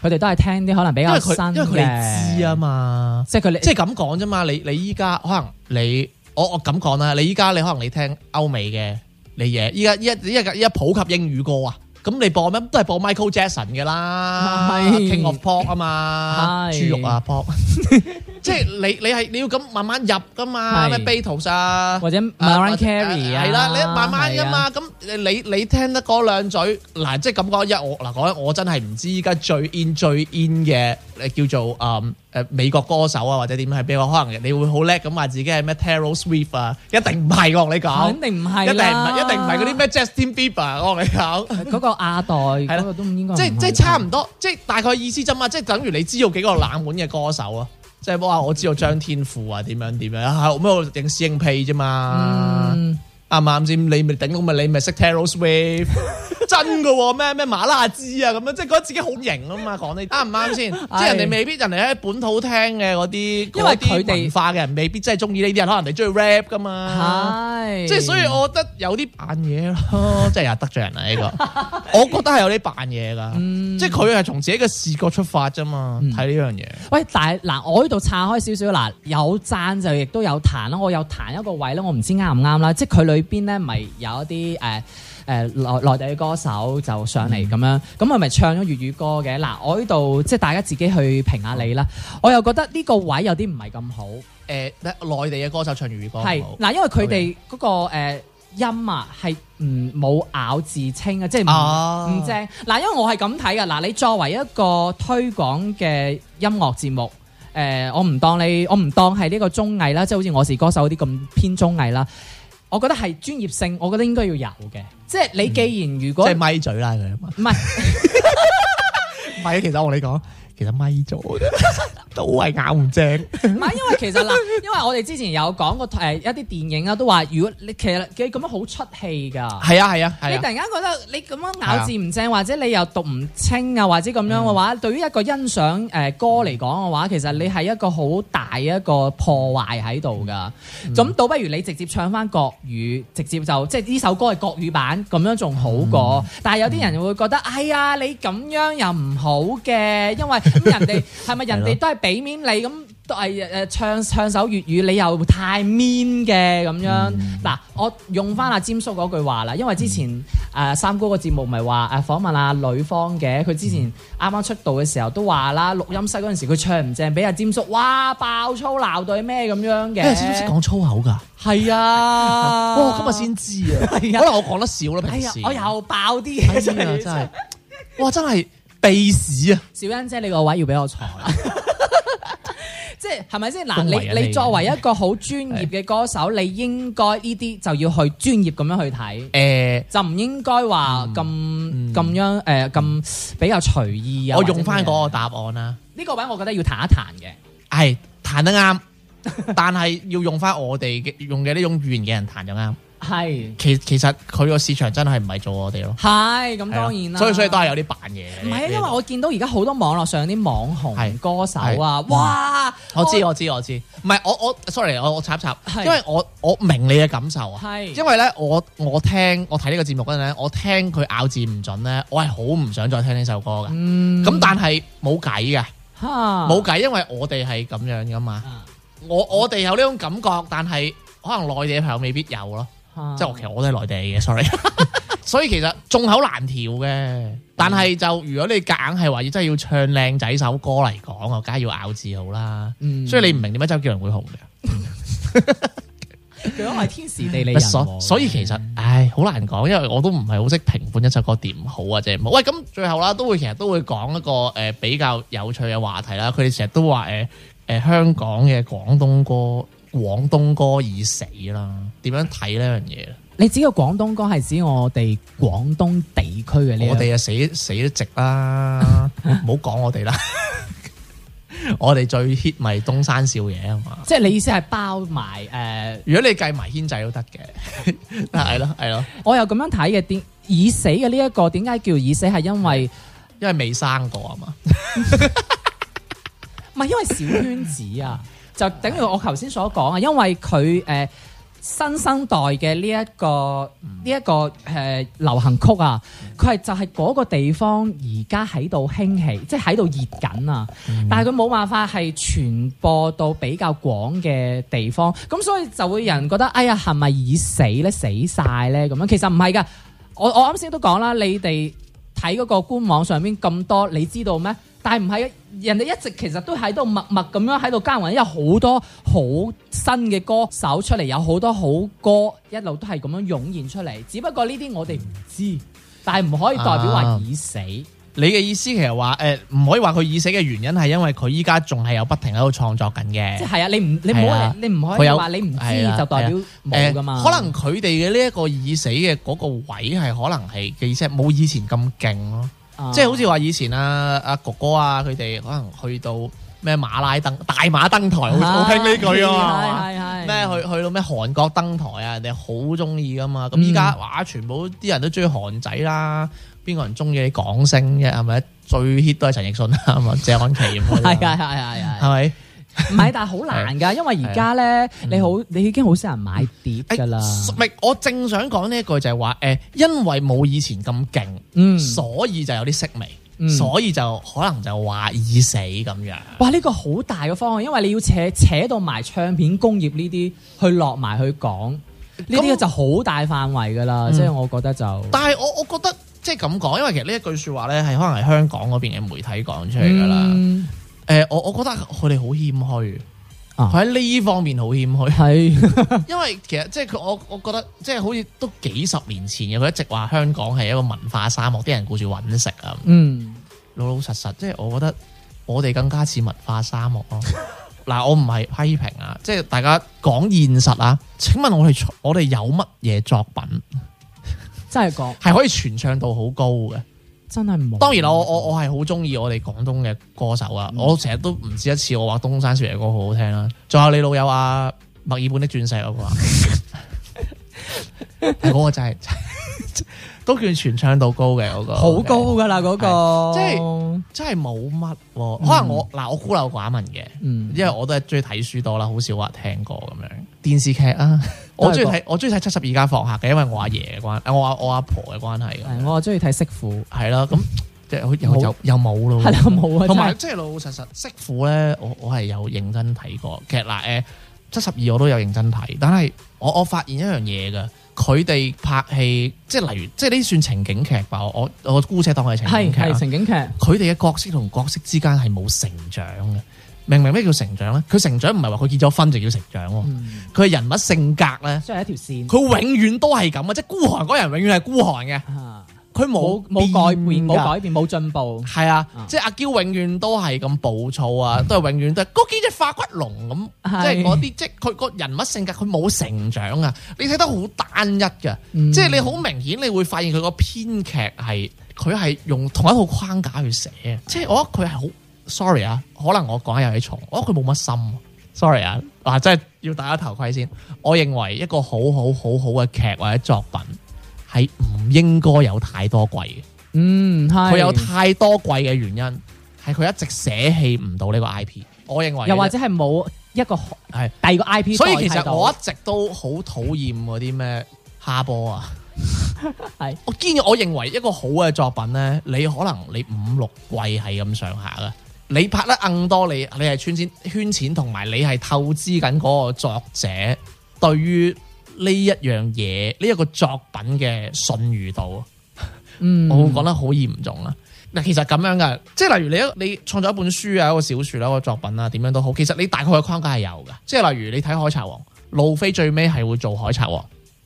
佢哋都係聽啲可能比較新嘅。因為佢哋知啊嘛，即係佢哋。即係咁講啫嘛。你你依家可能你。我我咁講啦，你依家你可能你聽歐美嘅你嘢，依家依家依家普及英語歌啊，咁你播咩？都係播 Michael Jackson 嘅啦是，King of Pop 啊嘛，是豬肉啊 Pop。 即係你你係你要咁慢慢入噶嘛，咩 Beatles 或者 Mariah Carey 啊，係啦，你慢慢噶嘛。咁你你聽得嗰兩嘴嗱，即係咁講一我嗱，講我真係唔知依家最 in 最 in 嘅誒叫做誒美國歌手啊或者點係比較可能你會好叻咁話自己係咩 Taylor Swift 啊，一定唔係我同你講，肯定唔係，一定唔係一定唔係嗰啲咩 Justin Bieber 我同你講嗰個亞代係啦，都唔應該，即係即係差唔多，即係大概意思啫嘛，即係等於你知道幾個冷門嘅歌手啊。即係哇！我知道張天賦啊，點樣點樣，係後屘我頂師兄屁啫嘛，啱唔啱先？你咪頂我咪，你咪識 Taylor Swift。 真嘅咩咩馬拉茲啊咁樣，即係覺得自己好型啊嘛！講你啱唔啱先，即係人哋未必人哋喺本土聽嘅嗰啲嗰啲文化嘅人，未必真係中意呢啲，人。可能你中意 rap 噶嘛？係即係，所以我覺得有啲扮嘢咯，即係又得罪人啦呢個。我覺得係有啲扮嘢噶，即係佢係從自己嘅視覺出發啫嘛，睇呢樣嘢。喂，但係嗱，我呢度岔開少少嗱，有讚就亦都有彈啦，我有彈一個位咧，我唔知啱唔啱啦。即係佢裏邊咧，咪有一啲誒。呃嗯嗯誒內、呃、內地嘅歌手就上嚟咁樣，咁係咪唱咗粵語歌嘅？嗱、啊，我呢度即係大家自己去評,評下你啦。嗯、我又覺得呢個位有啲唔係咁好。誒、呃，內地嘅歌手唱粵語歌，係嗱、啊，因為佢哋嗰個音啊，係唔冇咬字清、就是、啊，即係唔正。嗱、啊，因為我係咁睇嘅。嗱、啊，你作為一個推廣嘅音樂節目，誒、呃，我唔當你，我唔當係呢個綜藝啦，即、就、係、是、好似我是歌手嗰啲咁偏綜藝啦。我覺得係專業性，我覺得應該要有嘅。即係你既然如果，即係咪嘴啦佢啊嘛？唔係是，唔係啊！其實我同你講。其實咪咗都係咬唔正，唔係因為其實嗱，因為我哋之前有講過誒一啲電影啊，都話如果你其實佢咁樣好出戲噶，係啊係啊係啊，你突然間覺得你咁樣咬字唔正，或者你又讀唔清啊，或者咁樣嘅話，對於一個欣賞誒歌嚟講嘅話，其實你係一個好大一個破壞喺度噶。咁倒不如你直接唱翻國語，直接就即係呢首歌係國語版，咁樣仲好過。但係有啲人會覺得，哎呀你咁樣又唔好嘅，因為。咁 人哋係咪人哋都係俾面你咁誒誒唱唱首粵語你又太 mean 嘅咁樣嗱、嗯？我用翻阿詹叔嗰句話啦，因為之前誒三哥個節目咪話誒訪問阿、啊、呂方嘅，佢之前啱啱出道嘅時候都話啦，錄音室嗰陣時佢唱唔正，俾阿詹叔哇爆粗鬧到咩咁樣嘅？占叔識講粗口噶？係啊，哇、 哦、今日先知啊，可能我講得少啦平時、哎，我又爆啲嘢以真係， 哇真係。鼻屎啊！小欣姐，你個位要俾我坐啦，即係係咪先嗱？你你作為一個好專業嘅歌手，你應該呢啲就要去專業咁樣去睇，誒，就唔應該話咁咁樣誒，咁比較隨意啊！我用翻嗰個答案啦，呢個位我覺得要彈一彈嘅，係彈得啱，但係要用翻我哋嘅用嘅呢種語言嘅人彈就啱。係，其其實佢個市場真係唔係做我哋咯。係，咁當然啦。所以所以都係有啲扮嘢。唔係，因為我見到而家好多網絡上啲網紅歌手啊，哇！我知我知我知，唔係我我，sorry，我我插插，因為我我明你嘅感受啊。因為咧我我聽我睇呢個節目嗰陣咧，我聽佢咬字唔準咧，我係好唔想再聽呢首歌嘅。咁但係冇計嘅，冇計，因為我哋係咁樣噶嘛。我我哋有呢種感覺，但係可能內地朋友未必有咯。即係，我其實我都係內地嘅，Sorry。所以其實眾口難調嘅，但係就如果你硬係話要真係要唱靚仔首歌嚟講，梗係要咬字好啦。所以你唔明點解周杰倫會紅嘅，佢係天時地利人和。所以其實唉，好難講，因為我都唔係好識評判一首歌點好啊，即係。喂，咁最後啦，都會其實都會講一個誒比較有趣嘅話題啦。佢哋成日都話誒誒香港嘅廣東歌，廣東歌已死啦？點樣睇呢樣嘢？你指個廣東歌係指我哋廣東地區嘅呢？我哋啊死死得直啦！唔好講我哋啦， 我哋最 hit 咪東山少爺啊嘛！即係你意思係包埋誒？呃、如果你計埋軒仔都得嘅，係咯係咯。 我又咁樣睇嘅，點已死嘅呢一個點解叫已死？係因為因為未生過啊嘛？唔係 因為小圈子啊？ 就等於我頭先所講啊，因為佢誒、呃、新生代嘅呢一個呢一、這個誒、呃、流行曲啊，佢係就係嗰個地方而家喺度興起，即係喺度熱緊啊！嗯、但係佢冇辦法係傳播到比較廣嘅地方，咁所以就會有人覺得哎呀，係咪已死咧？死晒咧？咁樣其實唔係㗎，我我啱先都講啦，你哋睇嗰個官網上面咁多，你知道咩？但係唔係，人哋一直其實都喺度默默咁樣喺度耕耘，因為好多好新嘅歌手出嚟，有好多好歌一路都係咁樣湧現出嚟。只不過呢啲我哋唔知，但係唔可以代表話已死。啊、你嘅意思其實話誒、呃、唔可以話佢已死嘅原因係因為佢依家仲係有不停喺度創作緊嘅。即係啊，你唔你唔好你唔可以話你唔知就代表冇噶嘛？可能佢哋嘅呢一個已死嘅嗰個位係可能係嘅意思係冇以前咁勁咯。即係好似話以前啊，阿哥哥啊，佢哋可能去到咩馬拉登大馬登台，好聽呢句啊，咩、啊、去去到咩韓國登台啊，人哋好中意噶嘛。咁依家哇，全部啲人都中意韓仔啦，邊個人中意你港星啫，係咪？最 hit 都係陳奕迅啊，嘛， 謝安琪咁係係係係咪？唔係，但係好難噶，是因為而家咧，是你好，嗯、你已經好少人買碟噶啦。唔、欸、我正想講呢一句就係話，誒，因為冇以前咁勁，嗯，所以就有啲式微，嗯、所以就可能就話已死咁樣。哇、呢、這個好大個方向，因為你要扯扯到埋唱片工業呢啲去落埋去講，呢啲就好大範圍噶啦。即係、嗯、我覺得就，嗯、但係我我覺得即係咁講，因為其實呢一句說話咧，係可能係香港嗰邊嘅媒體講出嚟噶啦。嗯誒，我我覺得佢哋好謙虛，喺呢、啊、方面好謙虛。係是， 因為其實即係佢，我我覺得即係好似都幾十年前嘅，佢一直話香港係一個文化沙漠，啲人顧住搵食啊，嗯、老老實實。即、就、係、是、我覺得我哋更加似文化沙漠。嗱， 我唔係批評啊，即係大家講現實啊，請問我哋我哋有乜嘢作品？真係講係可以傳唱度好高嘅。真係冇。當然啦，我我我係好中意我哋廣東嘅歌手啊！嗯、我成日都唔止一次我話東山少爺歌好好聽啦。仲有你老友啊，墨爾本的鑽石嗰個，嗰個真係都叫全唱到高嘅嗰、嗰個。好高噶啦嗰個，即係真係冇乜。嗯、可能我嗱我孤陋寡聞嘅，因為我都係中意睇書多啦，好少話聽歌咁樣。電視劇啊，我中意睇，我中意睇七十二家房客嘅，因為我阿爺嘅關，我我阿婆嘅關係。我中意睇《媳婦》，係啦，咁即係又又又冇咯，係冇啊。同埋即係老老實實《媳婦》咧，我我係有認真睇過劇嗱，誒七十二我都有認真睇，但係我我發現一樣嘢㗎，佢哋拍戲即係例如，即係呢算情景劇吧？我我姑且當佢係情景劇，係情景劇。佢哋嘅角色同角色之間係冇成長嘅。明明咩叫成長咧？佢成長唔係話佢結咗婚就叫成長喎。佢係人物性格咧，即係一條線。佢永遠都係咁啊！即係孤寒嗰人，永遠係孤寒嘅。佢冇冇改變，冇改變，冇進步。係啊，即係阿嬌永遠都係咁暴躁啊，都係永遠都係嗰幾隻發骨龍化骨龍咁。即係嗰啲，即係佢個人物性格，佢冇成長啊！你睇得好單一嘅，即係你好明顯，你會發現佢個編劇係佢係用同一套框架去寫。即係我覺得佢係好。sorry 啊，可能我講得有啲重，我覺得佢冇乜心。sorry 啊，嗱，即係要戴個頭盔先。我認為一個好好好好嘅劇或者作品係唔應該有太多季嘅。嗯，係。佢有太多季嘅原因係佢一直捨棄唔到呢個 I P。我認為。又或者係冇一個係是第二個 I P。所以其實我一直都好討厭嗰啲咩下波啊。係 是，我建議我認為一個好嘅作品咧，你可能你五六季係咁上下噶。你拍得更多，你你係圈錢圈錢，同埋你係透支緊嗰個作者對於呢一樣嘢，呢一個作品嘅信譽度，嗯，我會講得好嚴重啦。嗱，其實咁樣噶，即係例如你一你創作一本書啊，一個小說啦，一個作品啊，點樣都好，其實你大概嘅框架係有噶，即係例如你睇《海賊王》，路飛最尾係會做海賊王。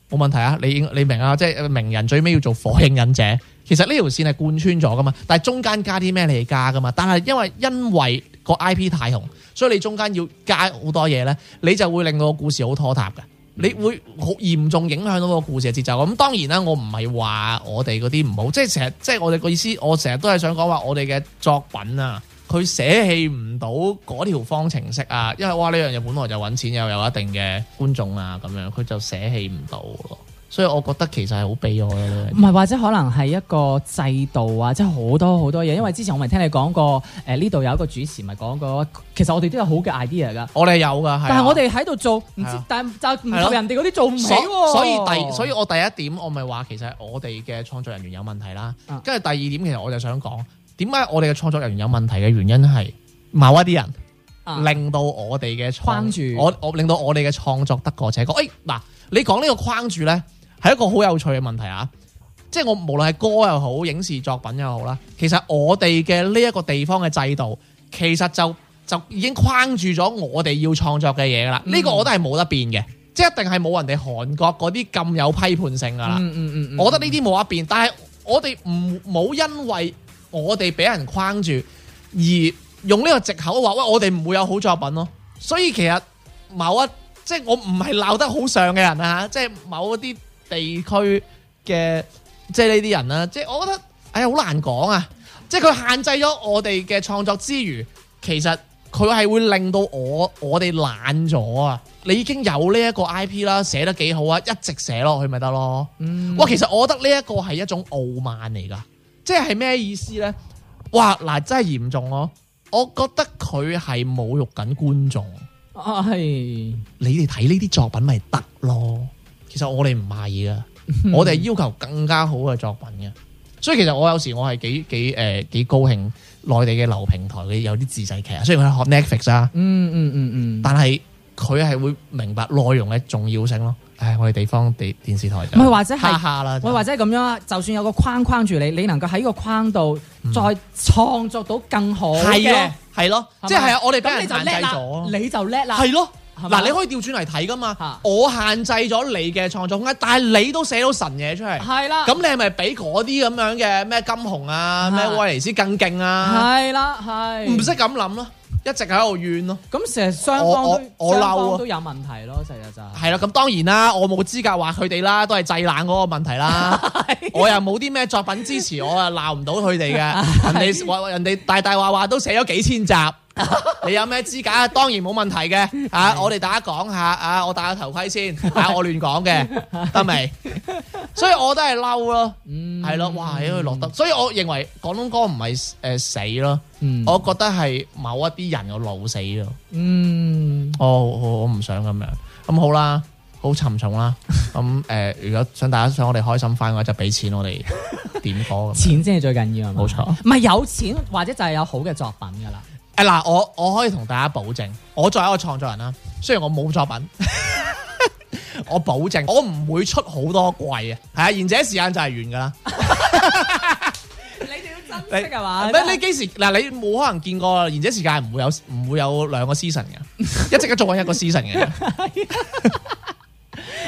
冇問題啊，你你明啊，即係名人最尾要做火影忍者，其實呢條線係貫穿咗噶嘛，但係中間加啲咩嚟加噶嘛，但係因為因為個 IP 太紅，所以你中間要加好多嘢咧，你就會令到個故事好拖沓嘅，你會好嚴重影響到個故事嘅節奏。咁，嗯，當然啦，啊，我唔係話我哋嗰啲唔好，即係成日即係我哋個意思，我成日都係想講話我哋嘅作品啊。佢捨棄唔到嗰條方程式啊，因為哇呢樣嘢本來就揾錢又有一定嘅觀眾啊，咁樣佢就捨棄唔到咯。所以我覺得其實係好悲哀咯。唔係或者可能係一個制度啊，即係好多好多嘢。因為之前我咪聽你講過，誒呢度有一個主持咪講過，其實我哋都有好嘅 idea 噶，我哋有噶。啊、但係我哋喺度做，唔知，啊、但就唔同人哋嗰啲做唔到、啊、所，所以第，所以我第一點我咪話其實係我哋嘅創作人員有問題啦。跟住第二點其實我就想講。點解我哋嘅創作人員有問題嘅原因係某一啲人令到我哋嘅創我我令到我哋嘅創作得過且過？誒、就是，嗱、哎，你講呢個框住咧，係一個好有趣嘅問題啊！即、就、係、是、我無論係歌又好，影視作品又好啦，其實我哋嘅呢一個地方嘅制度，其實就就已經框住咗我哋要創作嘅嘢㗎喇。呢、嗯、個我都係冇得變嘅，即、就、係、是、一定係冇人哋韓國嗰啲咁有批判性㗎喇，嗯。嗯嗯嗯，我覺得呢啲冇得變，但係我哋唔冇因為。我哋俾人框住，而用呢個借口話：喂，我哋唔會有好作品咯。所以其實某一即係我唔係鬧得好上嘅人啊，即係某一啲地區嘅即係呢啲人啦。即係我覺得，哎呀，好難講啊！即係佢限制咗我哋嘅創作之餘，其實佢係會令到我我哋懶咗啊！你已經有呢一個 IP 啦，寫得幾好啊，一直寫落去咪得咯。嗯。哇，其實我覺得呢一個係一種傲慢嚟噶。即係咩意思呢？哇！嗱，真係嚴重咯！我覺得佢係侮辱緊觀眾。係、哎、你哋睇呢啲作品咪得咯？其實我哋唔係噶， 我哋要求更加好嘅作品嘅。所以其實我有時我係幾幾誒幾高興，內地嘅流平台嘅有啲自製劇啊。雖然佢係學 Netflix 啊、嗯，嗯嗯嗯嗯，嗯但係。佢係會明白內容嘅重要性咯，唉，我哋地方地電視台唔係或者係，我或者咁樣，就算有個框框住你，你能夠喺個框度再創作到更好嘅，係咯，即係我哋俾人限制咗，你就叻啦，你就叻啦，係咯，嗱，你可以調轉嚟睇噶嘛，我限制咗你嘅創作空間，但係你都寫到神嘢出嚟，係啦，咁你係咪俾嗰啲咁樣嘅咩金熊啊咩威尼斯更勁啊？係啦，係唔識咁諗咯。一直喺度怨咯，啊嗯，咁成日雙方我，我，我鬧都有問題咯，啊，成日，啊，就係係啦，咁當然啦，我冇資格話佢哋啦，都係制冷嗰個問題啦， 我又冇啲咩作品支持我啊，鬧唔到佢哋嘅，人哋話人哋大大話話都寫咗幾千集。 你有咩資格？當然冇問題嘅吓，啊、的我哋大家講下啊，我戴個頭盔先吓、啊，我亂講嘅得未？所以我都係嬲咯，係、嗯、咯，哇喺度落得，所以我認為廣東歌唔係誒死咯，嗯、我覺得係某一啲人嘅老死咯。嗯，哦、我我我唔想咁樣，咁好啦，好沉重啦。咁誒，如果想大家想我哋開心翻嘅話，就俾錢我哋點火。錢先係最緊要，冇錯。唔 係樂錯有錢或者就係有好嘅作品噶啦。誒，嗱，我我可以同大家保證，我作為一個創作人啦，雖然我冇作品， 我保證我唔會出好多季啊。係啊，賢者時間就係完噶啦。你哋要珍惜係嘛？ 你幾時嗱？你冇可能見過賢者時間係唔會有唔 會有兩個 season 嘅，一直都做緊一個 season 嘅。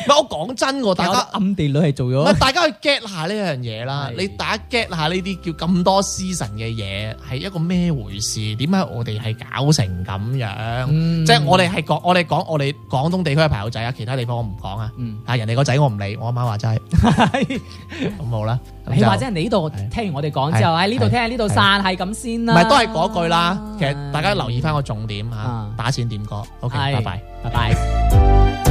我講真喎，大家暗地裏係做咗。大家去 get 下呢樣嘢啦，你大家 get 下呢啲叫咁多私神嘅嘢係一個咩回事？點解我哋係搞成咁樣？即係我哋係廣我哋講我哋廣東地區嘅朋友仔啊，其他地方我唔講啊。嚇人哋個仔我唔理，我阿媽話齋咁好啦。你或者你呢度聽完我哋講之後，喺呢度聽下呢度散，係咁先啦。唔係都係嗰句啦。其實大家留意翻個重點嚇，打錢點過。OK，拜拜，拜拜。